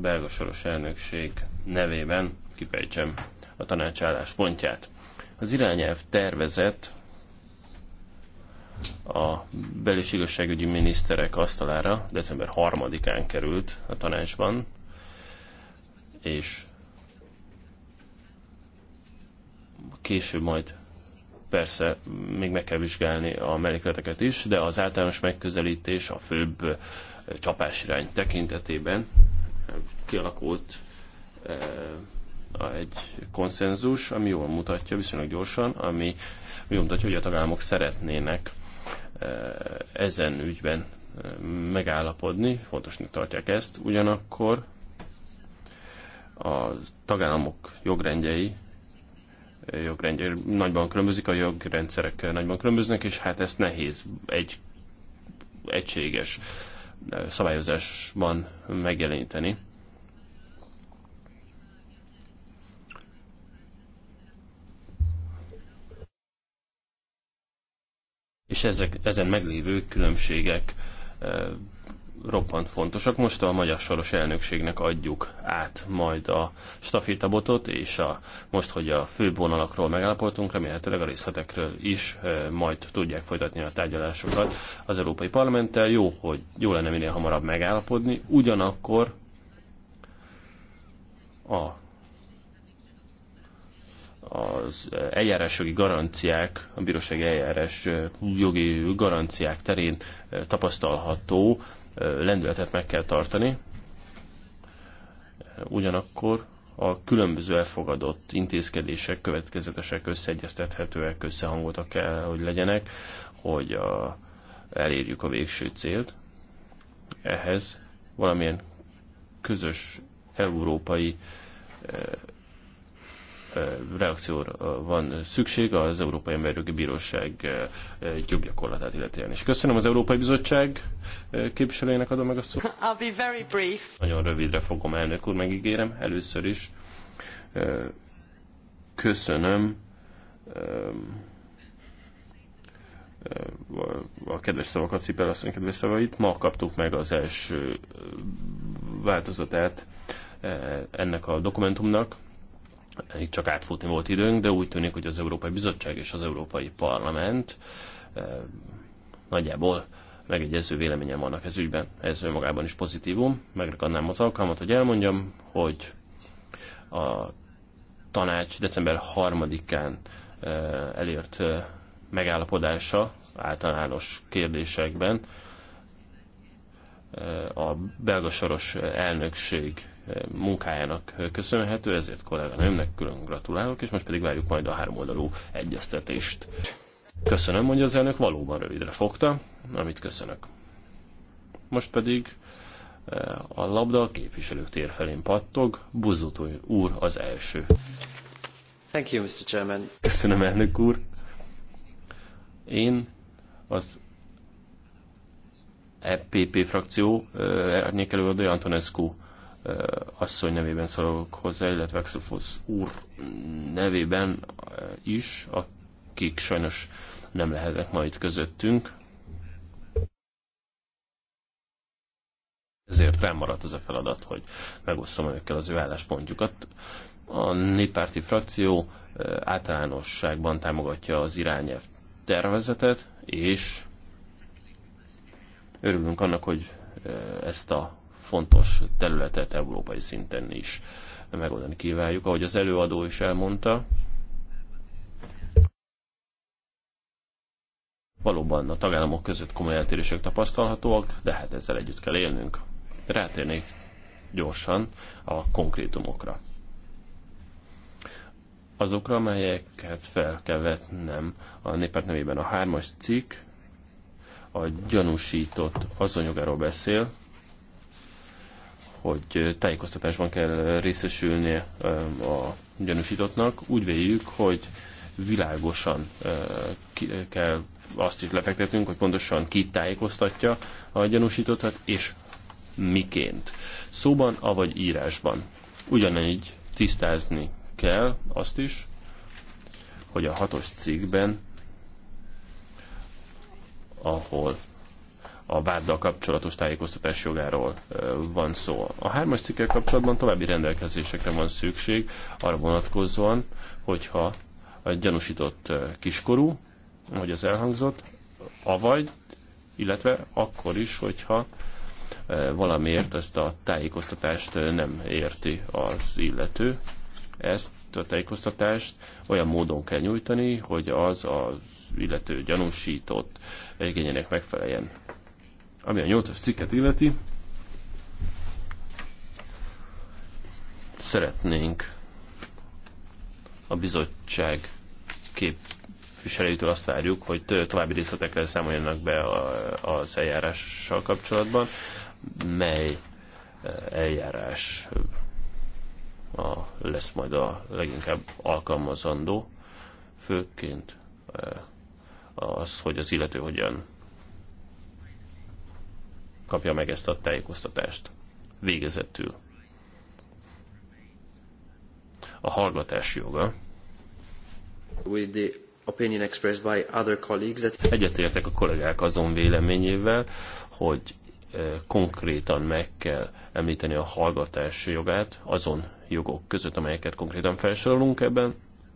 belga soros elnökség nevében kifejtsem a tanács álláspontját. Az irányelv tervezet a bel- és igazságügyi miniszterek asztalára december 3-án került a tanácsban, és később majd persze még meg kell vizsgálni a mellékleteket is, de az általános megközelítés a főbb csapásirány tekintetében kialakult eh, egy konszenzus, ami jól mutatja, viszonylag gyorsan, ami jól mutatja, hogy a tagállamok szeretnének eh, ezen ügyben eh, megállapodni, fontosnak tartják ezt, ugyanakkor a tagállamok jogrendjei jogrendje nagyban különbözik, a jogrendszerek nagyban különböznek, és hát ezt nehéz egy egységes szabályozásban megjeleníteni. És ezek, ezen meglévő különbségek eh, roppant fontosak. Most a magyar soros elnökségnek adjuk át majd a stafétabotot, és a, most, hogy a főbb vonalakról megállapodtunk, remélhetőleg a részletekről is e, majd tudják folytatni a tárgyalásokat az Európai Parlamenttel. Jó, hogy jó lenne minél hamarabb megállapodni, ugyanakkor a az eljárásjogi garanciák, a bírósági eljárás eh, jogi garanciák terén eh, tapasztalható lendületet meg kell tartani. Ugyanakkor a különböző elfogadott intézkedések következetesek, összeegyeztethetőek, összehangoltak kell, hogy legyenek, hogy a, elérjük a végső célt. Ehhez valamilyen közös európai reakcióra van szükség az Európai Emberjogi Bíróság joggyakorlatát illetően is. Köszönöm az Európai Bizottság képviselőjének adom meg a szót. I'll be very brief. Nagyon rövidre fogom, elnök úr, megígérem. Először is köszönöm a kedves szavakat, Cipel asszony kedves szavait. Ma kaptuk meg az első változatát ennek a dokumentumnak itt csak átfutni volt időnk, de úgy tűnik, hogy az Európai Bizottság és az Európai Parlament eh, nagyjából megegyező véleményen vannak ez ügyben. Ez önmagában is pozitívum. Megrakadnám az alkalmat, hogy elmondjam, hogy a tanács december 3-án eh, elért eh, megállapodása általános kérdésekben a belga soros elnökség munkájának köszönhető, ezért kolléganőmnek külön gratulálok, és most pedig várjuk majd a háromoldalú egyeztetést. Köszönöm, hogy az elnök valóban rövidre fogta, amit köszönök. Most pedig eh, a labda a képviselők tér felén pattog, Buzutó úr az első. Thank you, Mr. Chairman. Köszönöm, elnök úr. Én az EPP frakció eh, árnyékelőadója Antonescu asszony nevében szólok hozzá, illetve Exofosz úr nevében is, akik sajnos nem lehetnek ma itt közöttünk. Ezért rám maradt az a feladat, hogy megosztom önökkel az ő álláspontjukat. A néppárti frakció általánosságban támogatja az irányelv tervezetet, és örülünk annak, hogy ezt a fontos területet európai szinten is megoldani kívánjuk. Ahogy az előadó is elmondta, valóban a tagállamok között komoly eltérések tapasztalhatóak, de hát ezzel együtt kell élnünk. Rátérnék gyorsan a konkrétumokra. Azokra, amelyeket fel kell vetnem a népek nevében a hármas cikk, a gyanúsított azonjogáról beszél, hogy tájékoztatásban kell részesülnie a gyanúsítottnak. Úgy véljük, hogy világosan kell azt is lefektetnünk, hogy pontosan ki tájékoztatja a gyanúsítottat, hát és miként. Szóban, avagy írásban. Ugyanígy tisztázni kell azt is, hogy a hatos cikkben, ahol a váddal kapcsolatos tájékoztatás jogáról van szó. A hármas cikkel kapcsolatban további rendelkezésekre van szükség arra vonatkozóan, hogyha a gyanúsított kiskorú, hogy az elhangzott, avagy, illetve akkor is, hogyha valamiért ezt a tájékoztatást nem érti az illető. Ezt a tájékoztatást olyan módon kell nyújtani, hogy az az illető gyanúsított igényének megfeleljen ami a nyolcas cikket illeti, szeretnénk a bizottság képviselőtől azt várjuk, hogy további részletekre számoljanak be az eljárással kapcsolatban, mely e, eljárás a, lesz majd a leginkább alkalmazandó, főként e, az, hogy az illető hogyan kapja meg ezt a tájékoztatást. Végezetül. A hallgatás joga. With the opinion expressed by other colleagues that... Egyetértek a kollégák azon véleményével, hogy eh, konkrétan meg kell említeni a hallgatás jogát azon jogok között, amelyeket konkrétan felsorolunk ebben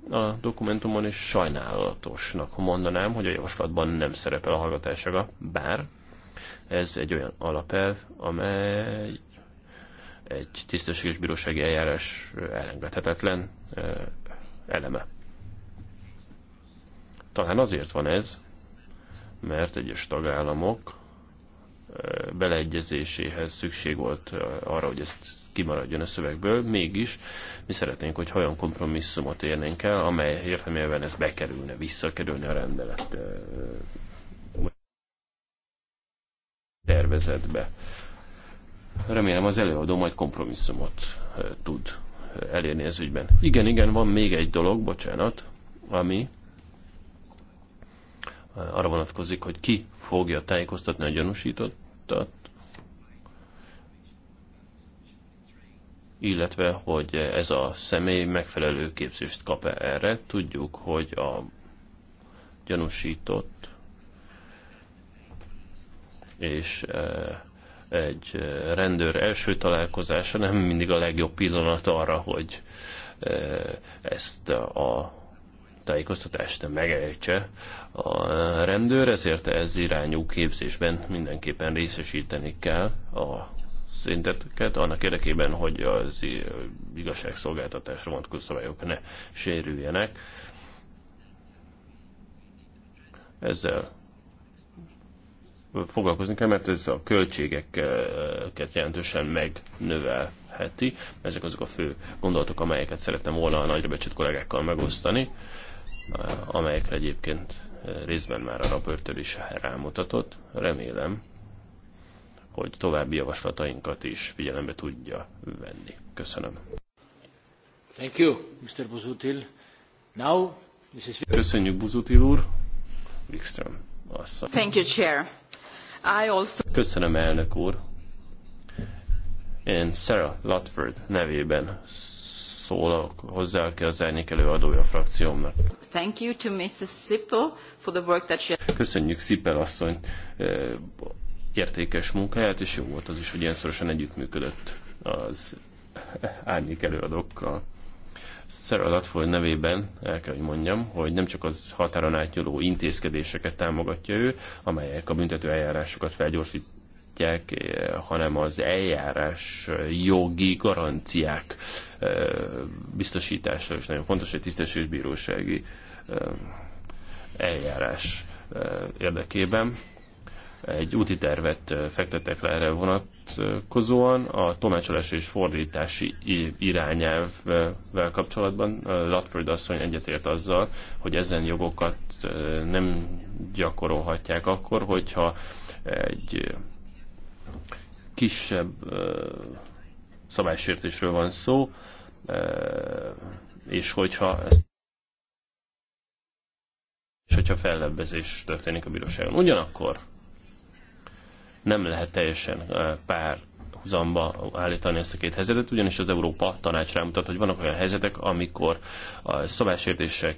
a dokumentumon, és sajnálatosnak mondanám, hogy a javaslatban nem szerepel a hallgatás joga, bár ez egy olyan alapelv, amely egy tisztességes bírósági eljárás elengedhetetlen eleme. Talán azért van ez, mert egyes tagállamok beleegyezéséhez szükség volt arra, hogy ezt kimaradjon a szövegből, mégis mi szeretnénk, hogy olyan kompromisszumot érnénk el, amely értelmében ez bekerülne, visszakerülne a rendelet tervezetbe. Remélem az előadó majd kompromisszumot tud elérni ez ügyben. Igen, igen, van még egy dolog, bocsánat, ami arra vonatkozik, hogy ki fogja tájékoztatni a gyanúsítottat, illetve hogy ez a személy megfelelő képzést kap-e erre. Tudjuk, hogy a gyanúsított és egy rendőr első találkozása nem mindig a legjobb pillanat arra, hogy ezt a tájékoztatást megejtse a rendőr, ezért ez irányú képzésben mindenképpen részesíteni kell a szinteteket annak érdekében, hogy az igazságszolgáltatásra vonatkozó szabályok ne sérüljenek. Ezzel foglalkozni kell, mert ez a költségeket jelentősen megnövelheti. Ezek azok a fő gondolatok, amelyeket szerettem volna a nagyrebecsült kollégákkal megosztani, amelyekre egyébként részben már a rapörtől is rámutatott. Remélem, hogy további javaslatainkat is figyelembe tudja venni. Köszönöm. Thank you, Mr. Buzutil. Now, Mrs. Köszönjük, Buzutil úr. Wikström asszony. Thank you, Chair. Köszönöm, elnök úr. Én Sarah Lutford nevében szólok hozzá, aki az árnyék előadója a frakciómnak. Thank you to Mrs. Sippel for the work that she... Köszönjük Sippel asszony eh, értékes munkáját, és jó volt az is, hogy ilyen szorosan együttműködött az árnyék előadókkal. Sir Latfoy nevében el kell, hogy mondjam, hogy nem csak az határon átnyúló intézkedéseket támogatja ő, amelyek a büntető eljárásokat felgyorsítják, eh, hanem az eljárás jogi garanciák eh, biztosítása is nagyon fontos, hogy és bírósági eh, eljárás érdekében egy úti tervet fektettek le erre vonatkozóan, a tomácsolás és fordítási irányelvvel kapcsolatban Latford asszony egyetért azzal, hogy ezen jogokat nem gyakorolhatják akkor, hogyha egy kisebb szabálysértésről van szó, és hogyha ezt és hogyha fellebbezés történik a bíróságon. Ugyanakkor nem lehet teljesen pár huzamba állítani ezt a két helyzetet, ugyanis az Európa tanács rámutat, hogy vannak olyan helyzetek, amikor a szabásértések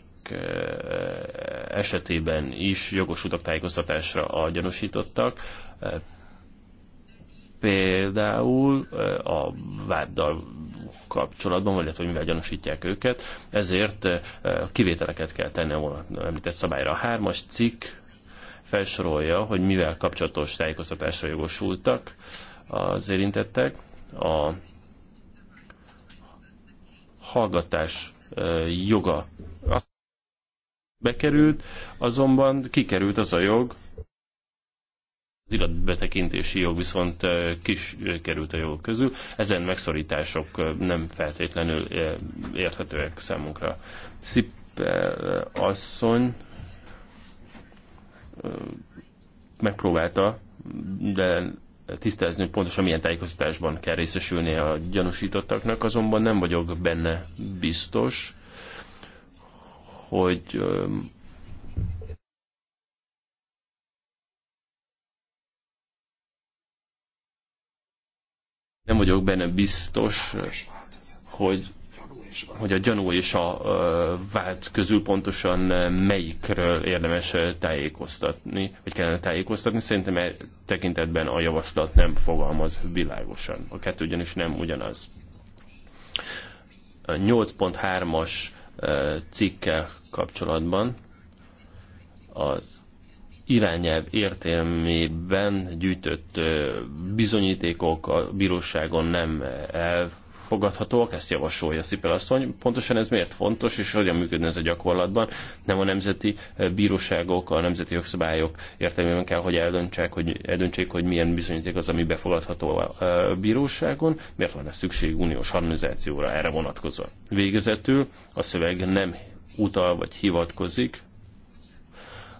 esetében is jogosultak tájékoztatásra a gyanúsítottak, például a váddal kapcsolatban, vagy lehet, hogy mivel gyanúsítják őket, ezért kivételeket kell tenni a említett szabályra. A hármas cikk felsorolja, hogy mivel kapcsolatos tájékoztatásra jogosultak az érintettek. A hallgatás joga bekerült, azonban kikerült az a jog, az betekintési jog viszont kis került a jogok közül, ezen megszorítások nem feltétlenül érthetőek számunkra. Szip asszony megpróbálta, de tisztázni, hogy pontosan milyen tájékoztatásban kell részesülni a gyanúsítottaknak, azonban nem vagyok benne biztos, hogy nem vagyok benne biztos, hogy hogy a gyanú és a vált közül pontosan melyikről érdemes tájékoztatni, vagy kellene tájékoztatni. Szerintem e tekintetben a javaslat nem fogalmaz világosan. A kettő ugyanis nem ugyanaz. A 8.3-as cikke kapcsolatban az irányelv értelmében gyűjtött bizonyítékok a bíróságon nem elv elfogadhatóak, ezt javasolja Szipel asszony. Pontosan ez miért fontos, és hogyan működne ez a gyakorlatban? Nem a nemzeti eh, bíróságok, a nemzeti jogszabályok értelmében kell, hogy eldöntsék, hogy eldöntsék, hogy milyen bizonyíték az, ami befogadható a eh, bíróságon. Miért van ez szükség uniós harmonizációra erre vonatkozóan? Végezetül a szöveg nem utal vagy hivatkozik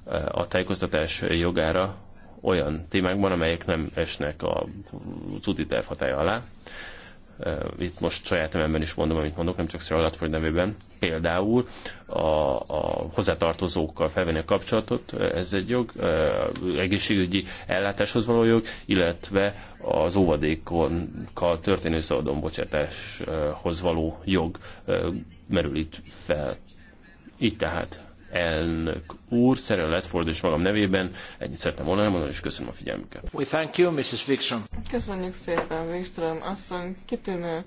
eh, a tájékoztatás jogára olyan témákban, amelyek nem esnek a cuti terv alá itt most saját nememben is mondom, amit mondok, nem csak Sarah nevében, például a, a hozzátartozókkal felvenni a kapcsolatot, ez egy jog, egészségügyi ellátáshoz való jog, illetve az óvadékonkkal történő szabadonbocsátáshoz való jog merül itt fel. Így tehát elnök úr, Szerel Letford és magam nevében ennyit szerettem volna elmondani, és köszönöm a figyelmüket. We thank you, Mrs. Wikström. Köszönjük szépen, Wikström asszony, kitűnő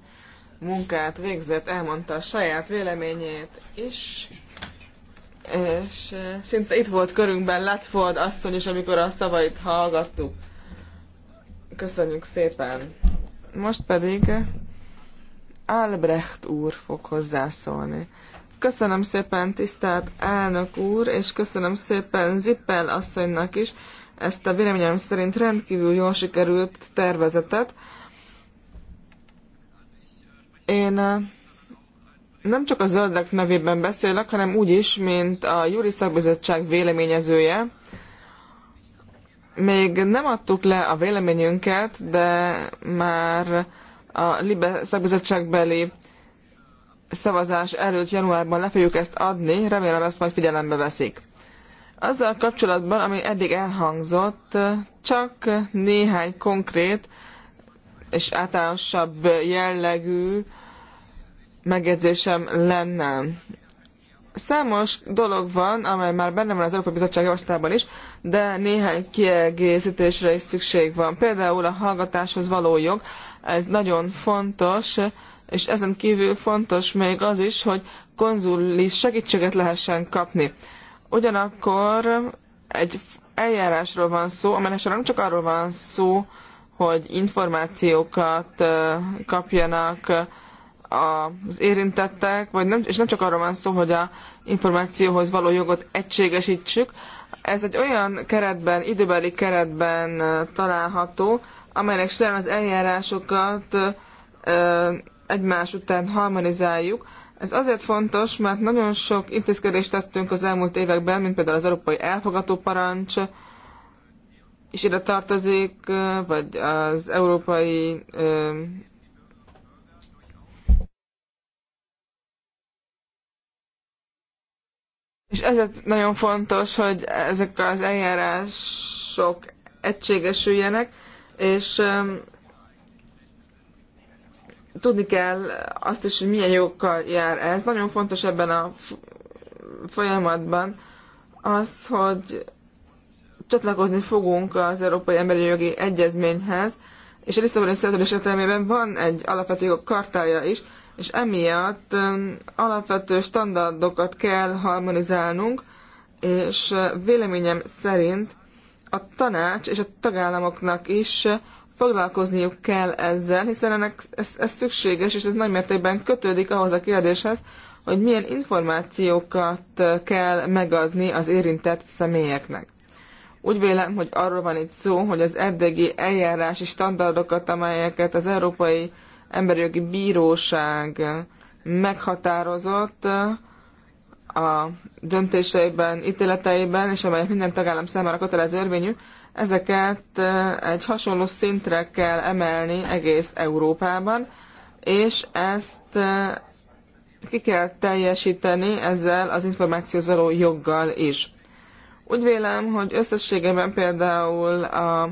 munkát végzett, elmondta a saját véleményét is, és eh, szinte itt volt körünkben Letford asszony is, amikor a szavait hallgattuk. Köszönjük szépen. Most pedig Albrecht úr fog hozzászólni. Köszönöm szépen, tisztelt elnök úr, és köszönöm szépen Zippel asszonynak is ezt a véleményem szerint rendkívül jól sikerült tervezetet. Én eh, nem csak a zöldek nevében beszélek, hanem úgy is, mint a Júri Szakbizottság véleményezője. Még nem adtuk le a véleményünket, de már a Libe szakbizottságbeli szavazás előtt januárban le fogjuk ezt adni, remélem ezt majd figyelembe veszik. Azzal kapcsolatban, ami eddig elhangzott, csak néhány konkrét és általánosabb jellegű megjegyzésem lenne. Számos dolog van, amely már benne van az Európai Bizottság javaslatában is, de néhány kiegészítésre is szükség van. Például a hallgatáshoz való jog, ez nagyon fontos, és ezen kívül fontos még az is, hogy konzulis segítséget lehessen kapni. Ugyanakkor egy eljárásról van szó, amelyen során nem csak arról van szó, hogy információkat kapjanak az érintettek, vagy nem, és nem csak arról van szó, hogy a információhoz való jogot egységesítsük. Ez egy olyan keretben, időbeli keretben található, amelynek során az eljárásokat egymás után harmonizáljuk. Ez azért fontos, mert nagyon sok intézkedést tettünk az elmúlt években, mint például az Európai Elfogató Parancs, és ide tartozik, vagy az Európai És ezért nagyon fontos, hogy ezek az eljárások egységesüljenek, és tudni kell azt is, hogy milyen jókkal jár ez. Nagyon fontos ebben a folyamatban az, hogy csatlakozni fogunk az Európai Emberi Jogi Egyezményhez, és a Lisszaboni szerződés értelmében van egy alapvető jogok kartája is, és emiatt um, alapvető standardokat kell harmonizálnunk, és uh, véleményem szerint a tanács és a tagállamoknak is foglalkozniuk kell ezzel, hiszen ennek ez, ez szükséges, és ez nagy kötődik ahhoz a kérdéshez, hogy milyen információkat kell megadni az érintett személyeknek. Úgy vélem, hogy arról van itt szó, hogy az eddigi eljárási standardokat, amelyeket az Európai Emberi Jogi Bíróság meghatározott a döntéseiben, ítéleteiben, és amelyek minden tagállam számára kötelező érvényű, ezeket egy hasonló szintre kell emelni egész Európában, és ezt ki kell teljesíteni ezzel az információhoz való joggal is. Úgy vélem, hogy összességében például a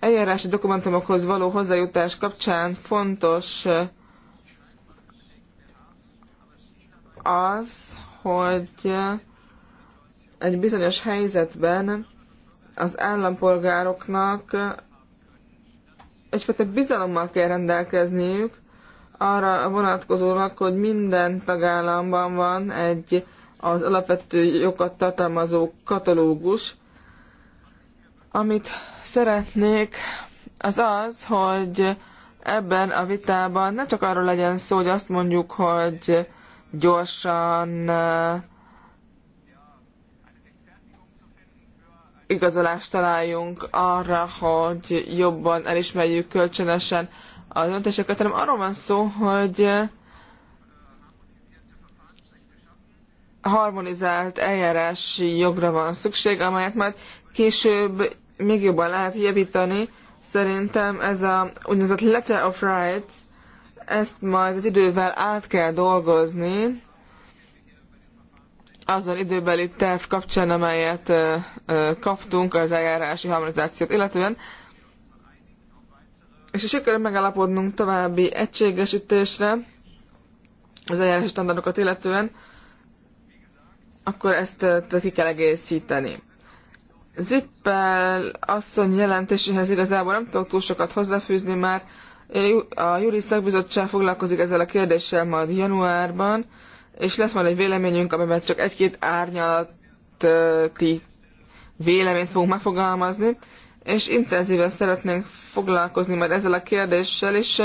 eljárási dokumentumokhoz való hozzájutás kapcsán fontos az, hogy egy bizonyos helyzetben az állampolgároknak egyfajta bizalommal kell rendelkezniük arra vonatkozólag, hogy minden tagállamban van egy az alapvető jogokat tartalmazó katalógus. Amit szeretnék, az az, hogy ebben a vitában ne csak arról legyen szó, hogy azt mondjuk, hogy gyorsan igazolást találjunk arra, hogy jobban elismerjük kölcsönösen a döntéseket, hanem arról van szó, hogy harmonizált eljárási jogra van szükség, amelyet majd később még jobban lehet javítani. Szerintem ez a úgynevezett letter of rights, ezt majd az idővel át kell dolgozni, azon időbeli terv kapcsán, amelyet kaptunk az eljárási harmonizációt illetően, és sikerül megállapodnunk további egységesítésre az eljárási standardokat illetően, akkor ezt ki kell egészíteni. Zippel asszony jelentéséhez igazából nem tudok túl sokat hozzáfűzni, már a Júri Szakbizottság foglalkozik ezzel a kérdéssel majd januárban, és lesz majd egy véleményünk, amiben csak egy-két árnyalati véleményt fogunk megfogalmazni, és intenzíven szeretnénk foglalkozni majd ezzel a kérdéssel, és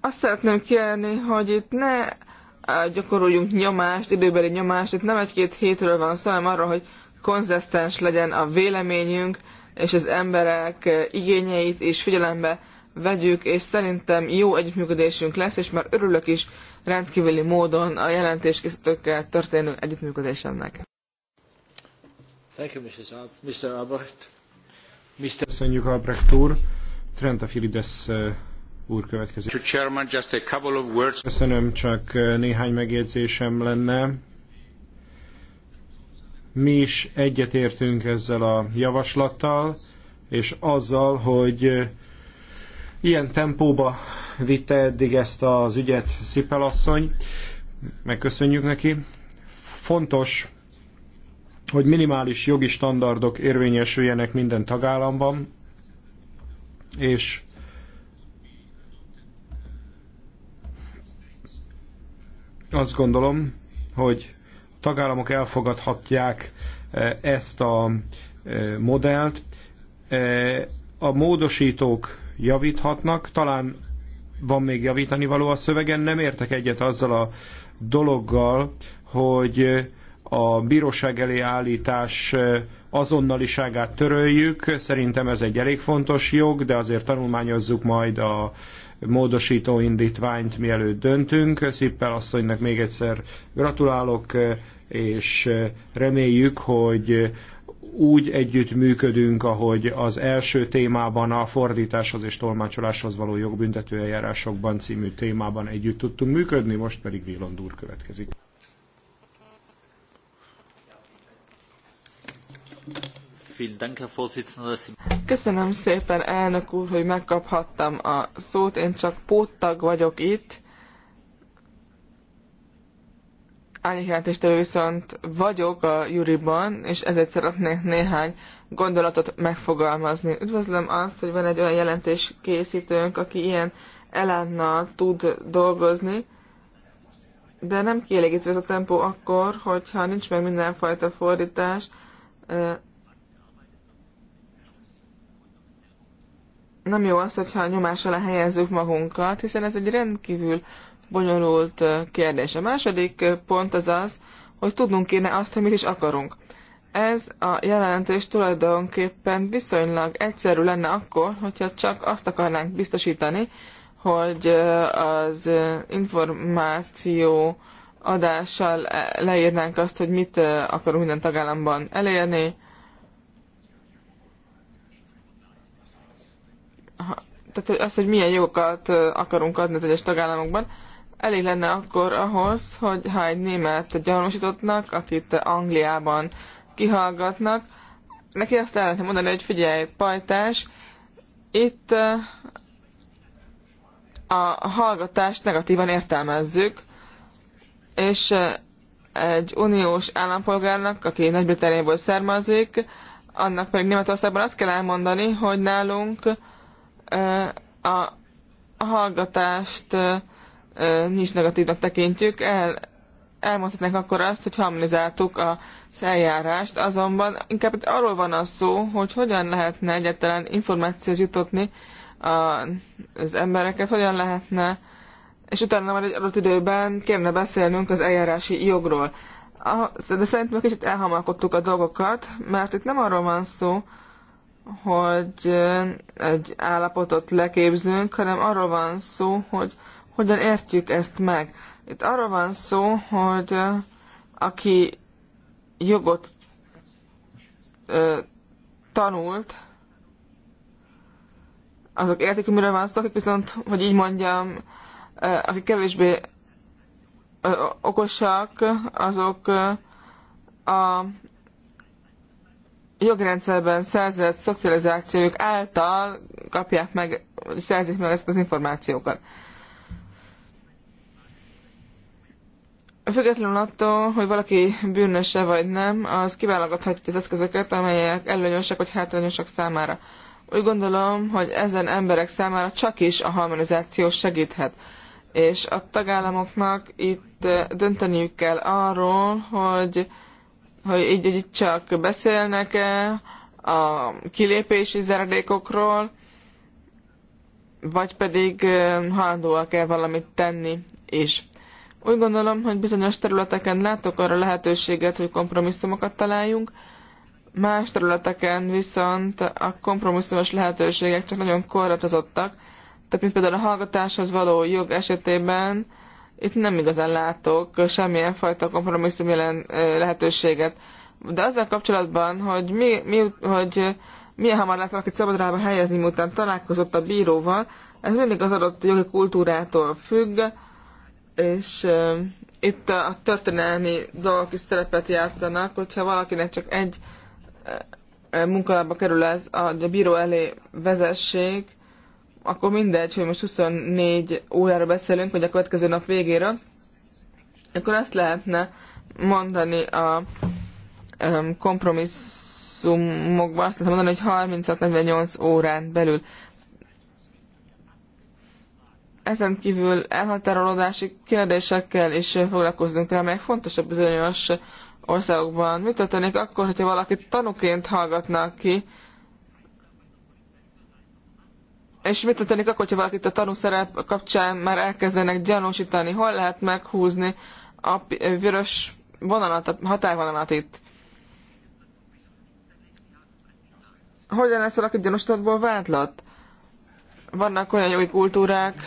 azt szeretném kérni, hogy itt ne gyakoroljunk nyomást, időbeli nyomást, itt nem egy-két hétről van szó, hanem arról, hogy konzisztens legyen a véleményünk, és az emberek igényeit is figyelembe vegyük, és szerintem jó együttműködésünk lesz, és már örülök is rendkívüli módon a jelentéskészítőkkel történő együttműködésemnek. Thank you, Mr. Albrecht. Mr. Köszönjük, Albrecht úr. Trenta a Filides uh, úr következik. Chairman, just a couple of words. Köszönöm, csak uh, néhány megjegyzésem lenne. Mi is egyetértünk ezzel a javaslattal, és azzal, hogy uh, Ilyen tempóba vitte eddig ezt az ügyet Szipel asszony. Megköszönjük neki. Fontos, hogy minimális jogi standardok érvényesüljenek minden tagállamban, és azt gondolom, hogy a tagállamok elfogadhatják e, ezt a e, modellt. E, a módosítók javíthatnak. Talán van még javítani való a szövegen, nem értek egyet azzal a dologgal, hogy a bíróság elé állítás azonnaliságát töröljük. Szerintem ez egy elég fontos jog, de azért tanulmányozzuk majd a módosító indítványt, mielőtt döntünk. Szippel asszonynak még egyszer gratulálok, és reméljük, hogy úgy együttműködünk, ahogy az első témában a fordításhoz és tolmácsoláshoz való eljárásokban című témában együtt tudtunk működni, most pedig Vélond úr következik. Köszönöm szépen, elnök úr, hogy megkaphattam a szót. Én csak póttag vagyok itt, árnyékjelentéstevő viszont vagyok a Juriban, és ezért szeretnék néhány gondolatot megfogalmazni. Üdvözlöm azt, hogy van egy olyan jelentés készítőnk, aki ilyen elánnal tud dolgozni, de nem kielégítve ez a tempó akkor, hogyha nincs meg mindenfajta fordítás, nem jó az, hogyha nyomás alá helyezzük magunkat, hiszen ez egy rendkívül bonyolult kérdés. A második pont az az, hogy tudnunk kéne azt, hogy mit is akarunk. Ez a jelentés tulajdonképpen viszonylag egyszerű lenne akkor, hogyha csak azt akarnánk biztosítani, hogy az információ adással e, leírnánk azt, hogy mit akarunk minden tagállamban elérni. Tehát hogy azt, hogy milyen jogokat akarunk adni az egyes tagállamokban. Elég lenne akkor ahhoz, hogy ha egy német gyanúsítottnak, akit Angliában kihallgatnak, neki azt el lehetne mondani, hogy figyelj, pajtás, itt eh, a hallgatást negatívan értelmezzük, és eh, egy uniós állampolgárnak, aki Nagy-Britanniából származik, annak pedig Németországban azt kell elmondani, hogy nálunk eh, a hallgatást mi is negatívnak tekintjük, el, elmondhatnánk akkor azt, hogy harmonizáltuk a eljárást, azonban inkább itt arról van az szó, hogy hogyan lehetne egyáltalán információt jutatni a, az embereket, hogyan lehetne, és utána már egy adott időben kérne beszélnünk az eljárási jogról. A, de szerintem kicsit elhamalkodtuk a dolgokat, mert itt nem arról van szó, hogy egy állapotot leképzünk, hanem arról van szó, hogy hogyan értjük ezt meg. Itt arra van szó, hogy aki jogot tanult, azok értik, miről van szó, akik viszont, hogy így mondjam, akik kevésbé okosak, azok a jogrendszerben szerzett szocializációjuk által kapják meg, szerzik meg ezt az információkat. Függetlenül attól, hogy valaki bűnöse vagy nem, az kiválogathatja az eszközöket, amelyek előnyösek vagy hátrányosak számára. Úgy gondolom, hogy ezen emberek számára csak is a harmonizáció segíthet. És a tagállamoknak itt eh, dönteniük kell arról, hogy, hogy így, így csak beszélnek-e a kilépési záradékokról, vagy pedig eh, hajlandóak kell valamit tenni is úgy gondolom, hogy bizonyos területeken látok arra lehetőséget, hogy kompromisszumokat találjunk, más területeken viszont a kompromisszumos lehetőségek csak nagyon korlátozottak, tehát mint például a hallgatáshoz való jog esetében itt nem igazán látok semmilyen fajta kompromisszum jelen lehetőséget. De azzal kapcsolatban, hogy, mi, mi, hogy milyen hamar lehet valakit szabadrába helyezni, miután találkozott a bíróval, ez mindig az adott jogi kultúrától függ, és itt a történelmi dolgok is szerepet játszanak, hogyha valakinek csak egy munkalába kerül ez, a, a bíró elé vezessék, akkor mindegy, hogy most 24 órára beszélünk, vagy a következő nap végére, akkor azt lehetne mondani a kompromisszumokban, azt lehetne mondani, hogy 36-48 órán belül ezen kívül elhatárolódási kérdésekkel is foglalkoznunk kell, amelyek fontosabb bizonyos országokban. Mit történik akkor, hogyha valakit tanúként hallgatná ki, és mit történik akkor, hogyha valakit a tanúszerep kapcsán már elkezdenek gyanúsítani? Hol lehet meghúzni a vörös vonalat, a határvonalat itt? Hogyan lesz valaki gyanúsítottból vádlat? Vannak olyan új kultúrák,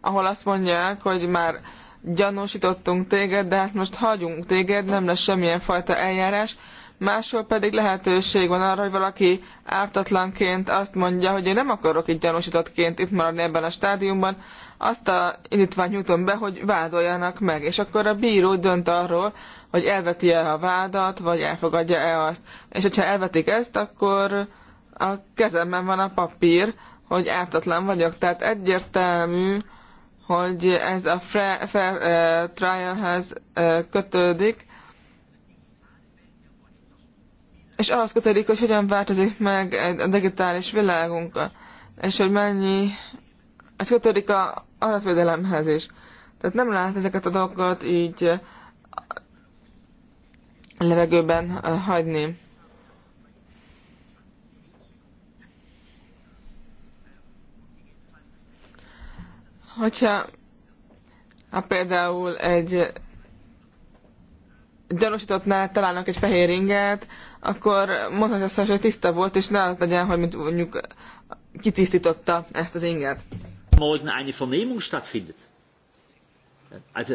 ahol azt mondják, hogy már gyanúsítottunk téged, de hát most hagyunk téged, nem lesz semmilyen fajta eljárás. Máshol pedig lehetőség van arra, hogy valaki ártatlanként azt mondja, hogy én nem akarok itt gyanúsítottként itt maradni ebben a stádiumban, azt a indítványt nyújtom be, hogy vádoljanak meg. És akkor a bíró dönt arról, hogy elveti-e a vádat, vagy elfogadja-e azt. És hogyha elvetik ezt, akkor a kezemben van a papír, hogy ártatlan vagyok. Tehát egyértelmű, hogy ez a fair, uh, trialhez uh, kötődik, és ahhoz kötődik, hogy hogyan változik meg a digitális világunk, és hogy mennyi, ez kötődik a adatvédelemhez is. Tehát nem lehet ezeket a dolgokat így levegőben hagyni. Hogyha ha például egy gyanúsítottnál találnak egy fehér inget, akkor mondhatja azt, hogy tiszta volt, és ne az legyen, hogy mondjuk kitisztította ezt az inget. Morgen eine Vernehmung stattfindet. Also,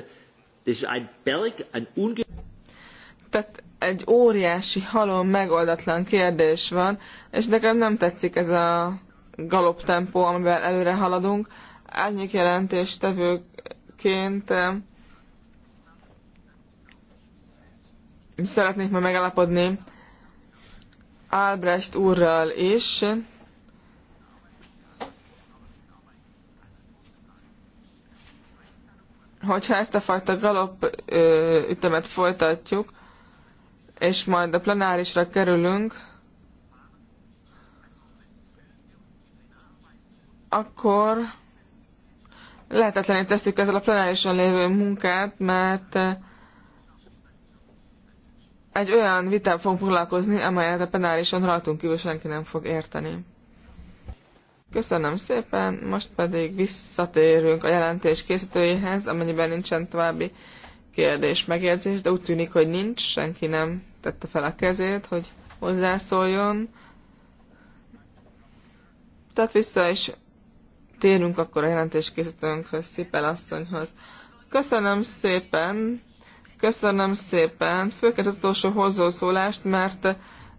das ist ein Berg, ein unge Tehát egy óriási, halom, megoldatlan kérdés van, és nekem nem tetszik ez a galop tempó, amivel előre haladunk jelentéstevőként eh, szeretnék ma megállapodni Albrecht úrral is. Hogyha ezt a fajta galop ütemet folytatjuk, és majd a plenárisra kerülünk, akkor lehetetlené tesszük ezzel a plenárisan lévő munkát, mert eh, egy olyan vitán fogunk foglalkozni, amelyet a plenárisan rajtunk kívül senki nem fog érteni. Köszönöm szépen, most pedig visszatérünk a jelentés készítőjéhez, amennyiben nincsen további kérdés, megjegyzés, de úgy tűnik, hogy nincs, senki nem tette fel a kezét, hogy hozzászóljon. Tehát vissza is térünk akkor a jelentéskészítőnkhöz, Szipel asszonyhoz. Köszönöm szépen, köszönöm szépen, főként az utolsó hozzászólást, mert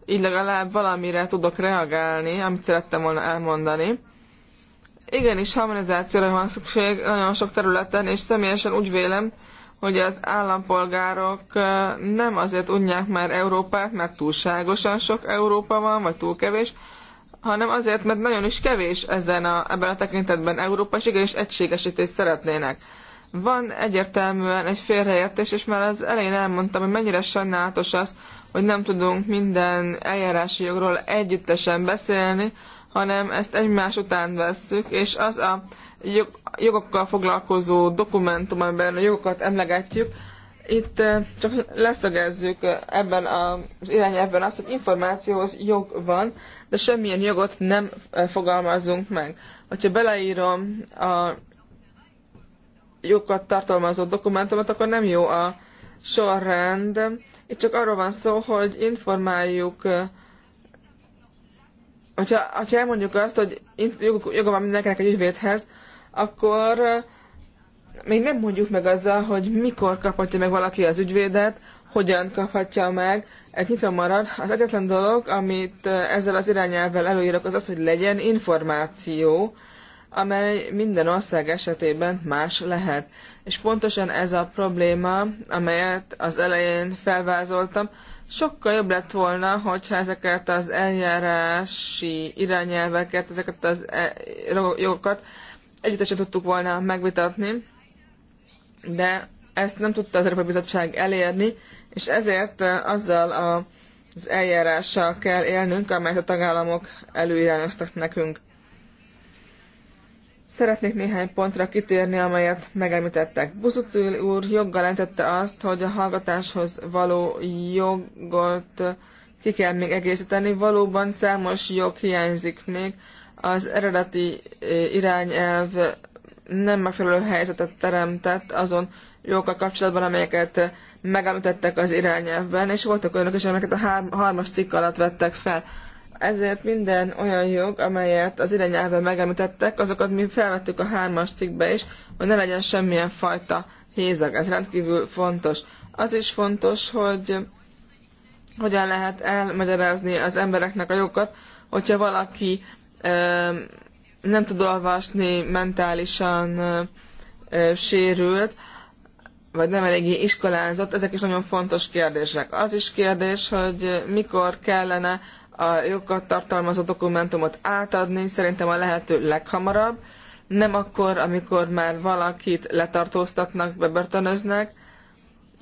így legalább valamire tudok reagálni, amit szerettem volna elmondani. Igenis, harmonizációra van szükség nagyon sok területen, és személyesen úgy vélem, hogy az állampolgárok nem azért unják már Európát, mert túlságosan sok Európa van, vagy túl kevés, hanem azért, mert nagyon is kevés ezen a, ebben a tekintetben Európa, és igenis egységesítést szeretnének. Van egyértelműen egy félreértés, és már az elején elmondtam, hogy mennyire sajnálatos az, hogy nem tudunk minden eljárási jogról együttesen beszélni, hanem ezt egymás után vesszük, és az a jogokkal foglalkozó dokumentum, amiben a jogokat emlegetjük, itt eh, csak leszögezzük eh, ebben az irányelvben azt, hogy információhoz jog van, de semmilyen jogot nem eh, fogalmazunk meg. Hogyha beleírom a jogokat tartalmazó dokumentumot, akkor nem jó a sorrend. Itt csak arról van szó, hogy informáljuk hogyha, hogyha elmondjuk azt, hogy joga van mindenkinek egy ügyvédhez, akkor még nem mondjuk meg azzal, hogy mikor kaphatja meg valaki az ügyvédet, hogyan kaphatja meg, ez nyitva marad. Az egyetlen dolog, amit eh, ezzel az irányelvvel előírok, az az, hogy legyen információ, amely minden ország esetében más lehet. És pontosan ez a probléma, amelyet az elején felvázoltam, sokkal jobb lett volna, hogyha ezeket az eljárási irányelveket, ezeket az eh, jogokat együttesen tudtuk volna megvitatni, de ezt nem tudta az Európai Bizottság elérni, és ezért azzal a, az eljárással kell élnünk, amelyet a tagállamok előirányoztak nekünk. Szeretnék néhány pontra kitérni, amelyet megemlítettek. Buzutil úr joggal említette azt, hogy a hallgatáshoz való jogot ki kell még egészíteni. Valóban számos jog hiányzik még az eredeti irányelv nem megfelelő helyzetet teremtett azon jókkal kapcsolatban, amelyeket megemlítettek az irányelvben, és voltak olyanok is, amelyeket a hármas cikk alatt vettek fel. Ezért minden olyan jog, amelyet az irányelvben megemlítettek, azokat mi felvettük a hármas cikkbe is, hogy ne legyen semmilyen fajta hézag. Ez rendkívül fontos. Az is fontos, hogy hogyan lehet elmagyarázni az embereknek a jogokat, hogyha valaki nem tud olvasni, mentálisan sérült, vagy nem eléggé iskolázott, ezek is nagyon fontos kérdések. Az is kérdés, hogy mikor kellene a jogat tartalmazó dokumentumot átadni, szerintem a lehető leghamarabb, nem akkor, amikor már valakit letartóztatnak, bebörtönöznek.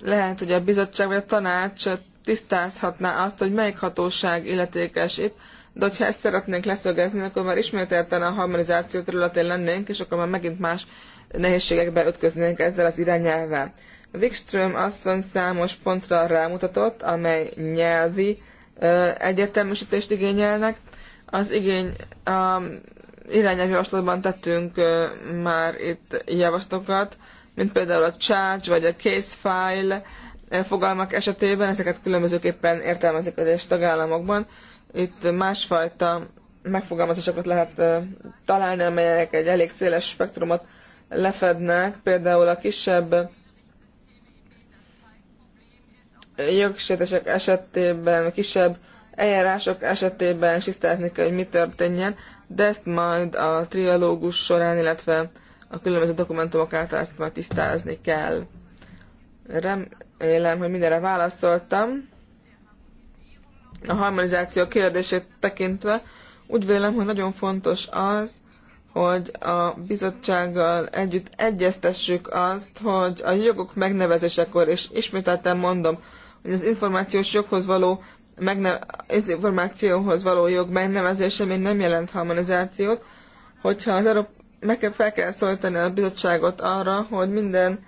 Lehet, hogy a bizottság vagy a tanács tisztázhatná azt, hogy melyik hatóság illetékes itt, de hogyha ezt szeretnénk leszögezni, akkor már ismételten a harmonizáció területén lennénk, és akkor már megint más nehézségekbe ötköznénk ezzel az irányelvvel. Wikström asszony számos pontra rámutatott, amely nyelvi ö, egyértelműsítést igényelnek. Az igény a javaslatban tettünk ö, már itt javaslatokat, mint például a charge vagy a case file fogalmak esetében, ezeket különbözőképpen értelmezik az egyes tagállamokban itt másfajta megfogalmazásokat lehet találni, amelyek egy elég széles spektrumot lefednek, például a kisebb jogsértések esetében, kisebb eljárások esetében is tisztázni kell, hogy mi történjen, de ezt majd a trialógus során, illetve a különböző dokumentumok által ezt majd tisztázni kell. Remélem, hogy mindenre válaszoltam a harmonizáció kérdését tekintve úgy vélem, hogy nagyon fontos az, hogy a bizottsággal együtt egyeztessük azt, hogy a jogok megnevezésekor, és ismételten mondom, hogy az információs joghoz való megne- az információhoz való jog megnevezése még nem jelent harmonizációt, hogyha az Európa meg kell, fel kell szólítani a bizottságot arra, hogy minden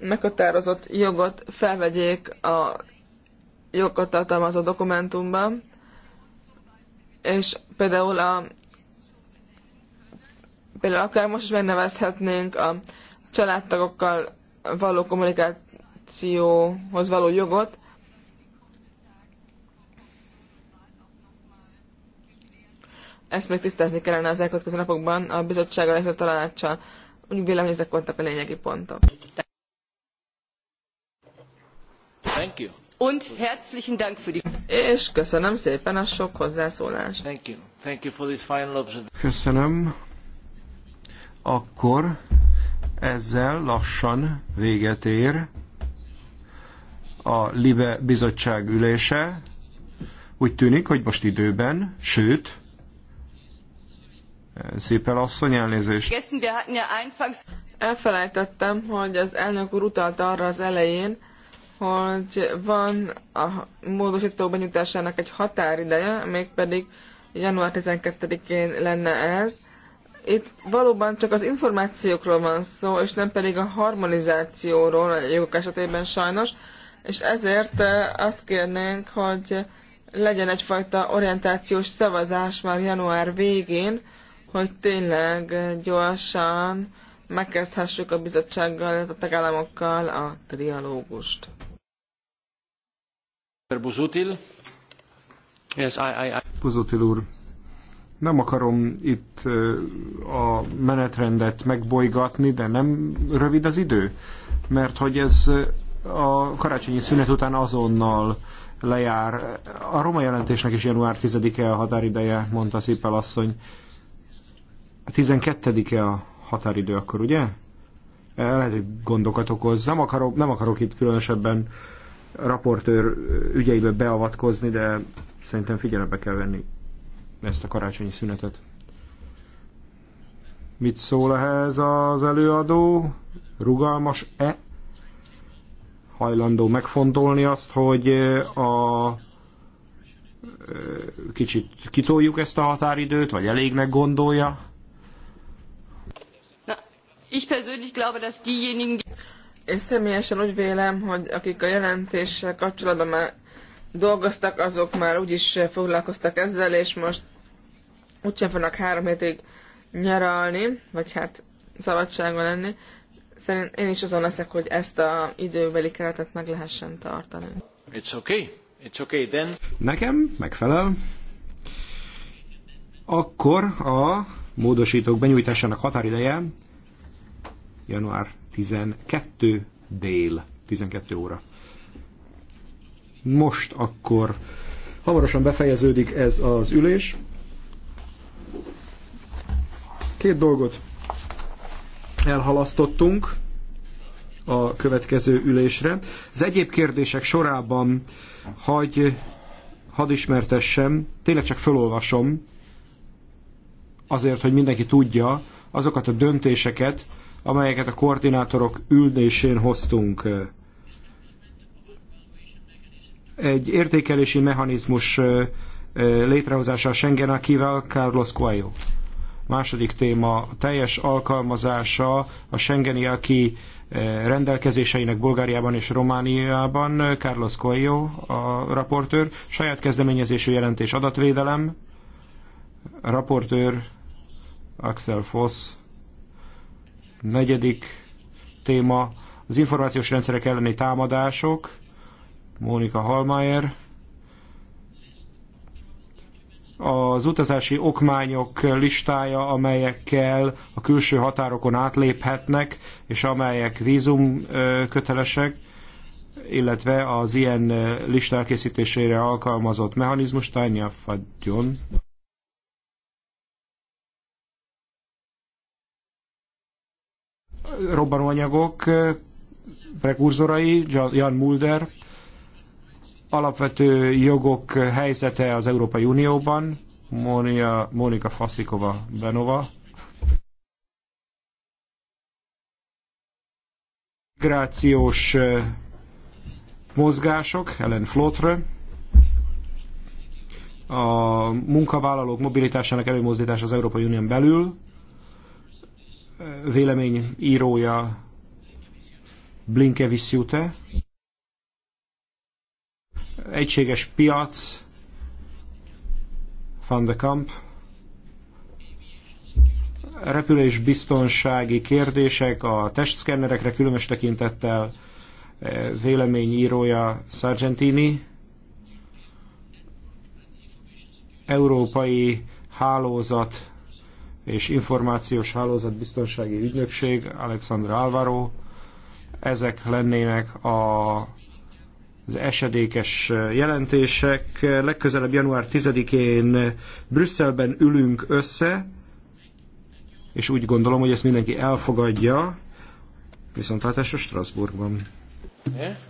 meghatározott jogot felvegyék a jogot a dokumentumban, és például a például akár most is megnevezhetnénk a családtagokkal való kommunikációhoz való jogot, ezt még tisztázni kellene az elkövetkező napokban a bizottsággal és a tanácssal. Úgy vélem, hogy ezek voltak a lényegi pontok. Thank you und herzlichen Dank für die... És köszönöm szépen a sok hozzászólást. Thank you. Thank you for this final observation. Köszönöm. Akkor ezzel lassan véget ér a LIBE bizottság ülése. Úgy tűnik, hogy most időben, sőt, Szépen asszony, elnézést. Elfelejtettem, hogy az elnök úr utalt arra az elején, hogy van a módosító benyújtásának egy határideje, mégpedig január 12-én lenne ez. Itt valóban csak az információkról van szó, és nem pedig a harmonizációról a jogok esetében sajnos, és ezért eh, azt kérnénk, hogy legyen egyfajta orientációs szavazás már január végén, hogy tényleg gyorsan megkezdhessük a bizottsággal, a tagállamokkal a trialógust. Buzutil. úr, nem akarom itt a menetrendet megbolygatni, de nem rövid az idő, mert hogy ez a karácsonyi szünet után azonnal lejár. A roma jelentésnek is január 10-e a határideje, mondta Szippel asszony. A 12-e a határidő akkor, ugye? Lehet, hogy gondokat okoz. Nem akarok, nem akarok itt különösebben uh, raportőr ügyeibe beavatkozni, de szerintem figyelembe kell venni ezt a karácsonyi szünetet. Mit szól ehhez az előadó? Rugalmas-e? Hajlandó megfontolni azt, hogy eh, a eh, kicsit kitoljuk ezt a határidőt, vagy elégnek gondolja? Na, ich persönlich glaube, dass diejenigen... Én személyesen úgy vélem, hogy akik a jelentéssel kapcsolatban már dolgoztak, azok már úgyis foglalkoztak ezzel, és most úgysem fognak három hétig nyaralni, vagy hát szabadságon lenni. Szerint én is azon leszek, hogy ezt a időbeli keretet meg lehessen tartani. It's okay. It's okay then. Nekem megfelel. Akkor a módosítók benyújtásának határideje január 12 dél, 12 óra. Most akkor hamarosan befejeződik ez az ülés. Két dolgot elhalasztottunk a következő ülésre. Az egyéb kérdések sorában hagy, hadd ismertessem, tényleg csak felolvasom, azért, hogy mindenki tudja azokat a döntéseket, amelyeket a koordinátorok üldésén hoztunk. Egy értékelési mechanizmus létrehozása a Schengen, akivel Carlos Coelho. Második téma, teljes alkalmazása a Schengeni, aki rendelkezéseinek Bulgáriában és Romániában, Carlos Coelho a raportőr, saját kezdeményezésű jelentés adatvédelem, raportőr Axel Foss, Negyedik téma az információs rendszerek elleni támadások. Mónika Halmayer. Az utazási okmányok listája, amelyekkel a külső határokon átléphetnek, és amelyek vízum kötelesek illetve az ilyen lista elkészítésére alkalmazott mechanizmus, Tanya Fadjon. robbanóanyagok prekurzorai, Jan Mulder, alapvető jogok helyzete az Európai Unióban, Monika Mónika Faszikova Benova, migrációs mozgások, Ellen Flotre, a munkavállalók mobilitásának előmozdítása az Európai Unión belül, vélemény írója Blinkevis Jute, egységes piac, Van de Kamp, repülés biztonsági kérdések a testszkennerekre különös tekintettel eh, vélemény írója Sargentini, európai hálózat és Információs Hálózatbiztonsági Ügynökség, Alexandra Álvaro. Ezek lennének a, az esedékes jelentések. Legközelebb január 10-én Brüsszelben ülünk össze, és úgy gondolom, hogy ezt mindenki elfogadja, viszontlátásra Strasbourgban. Yeah.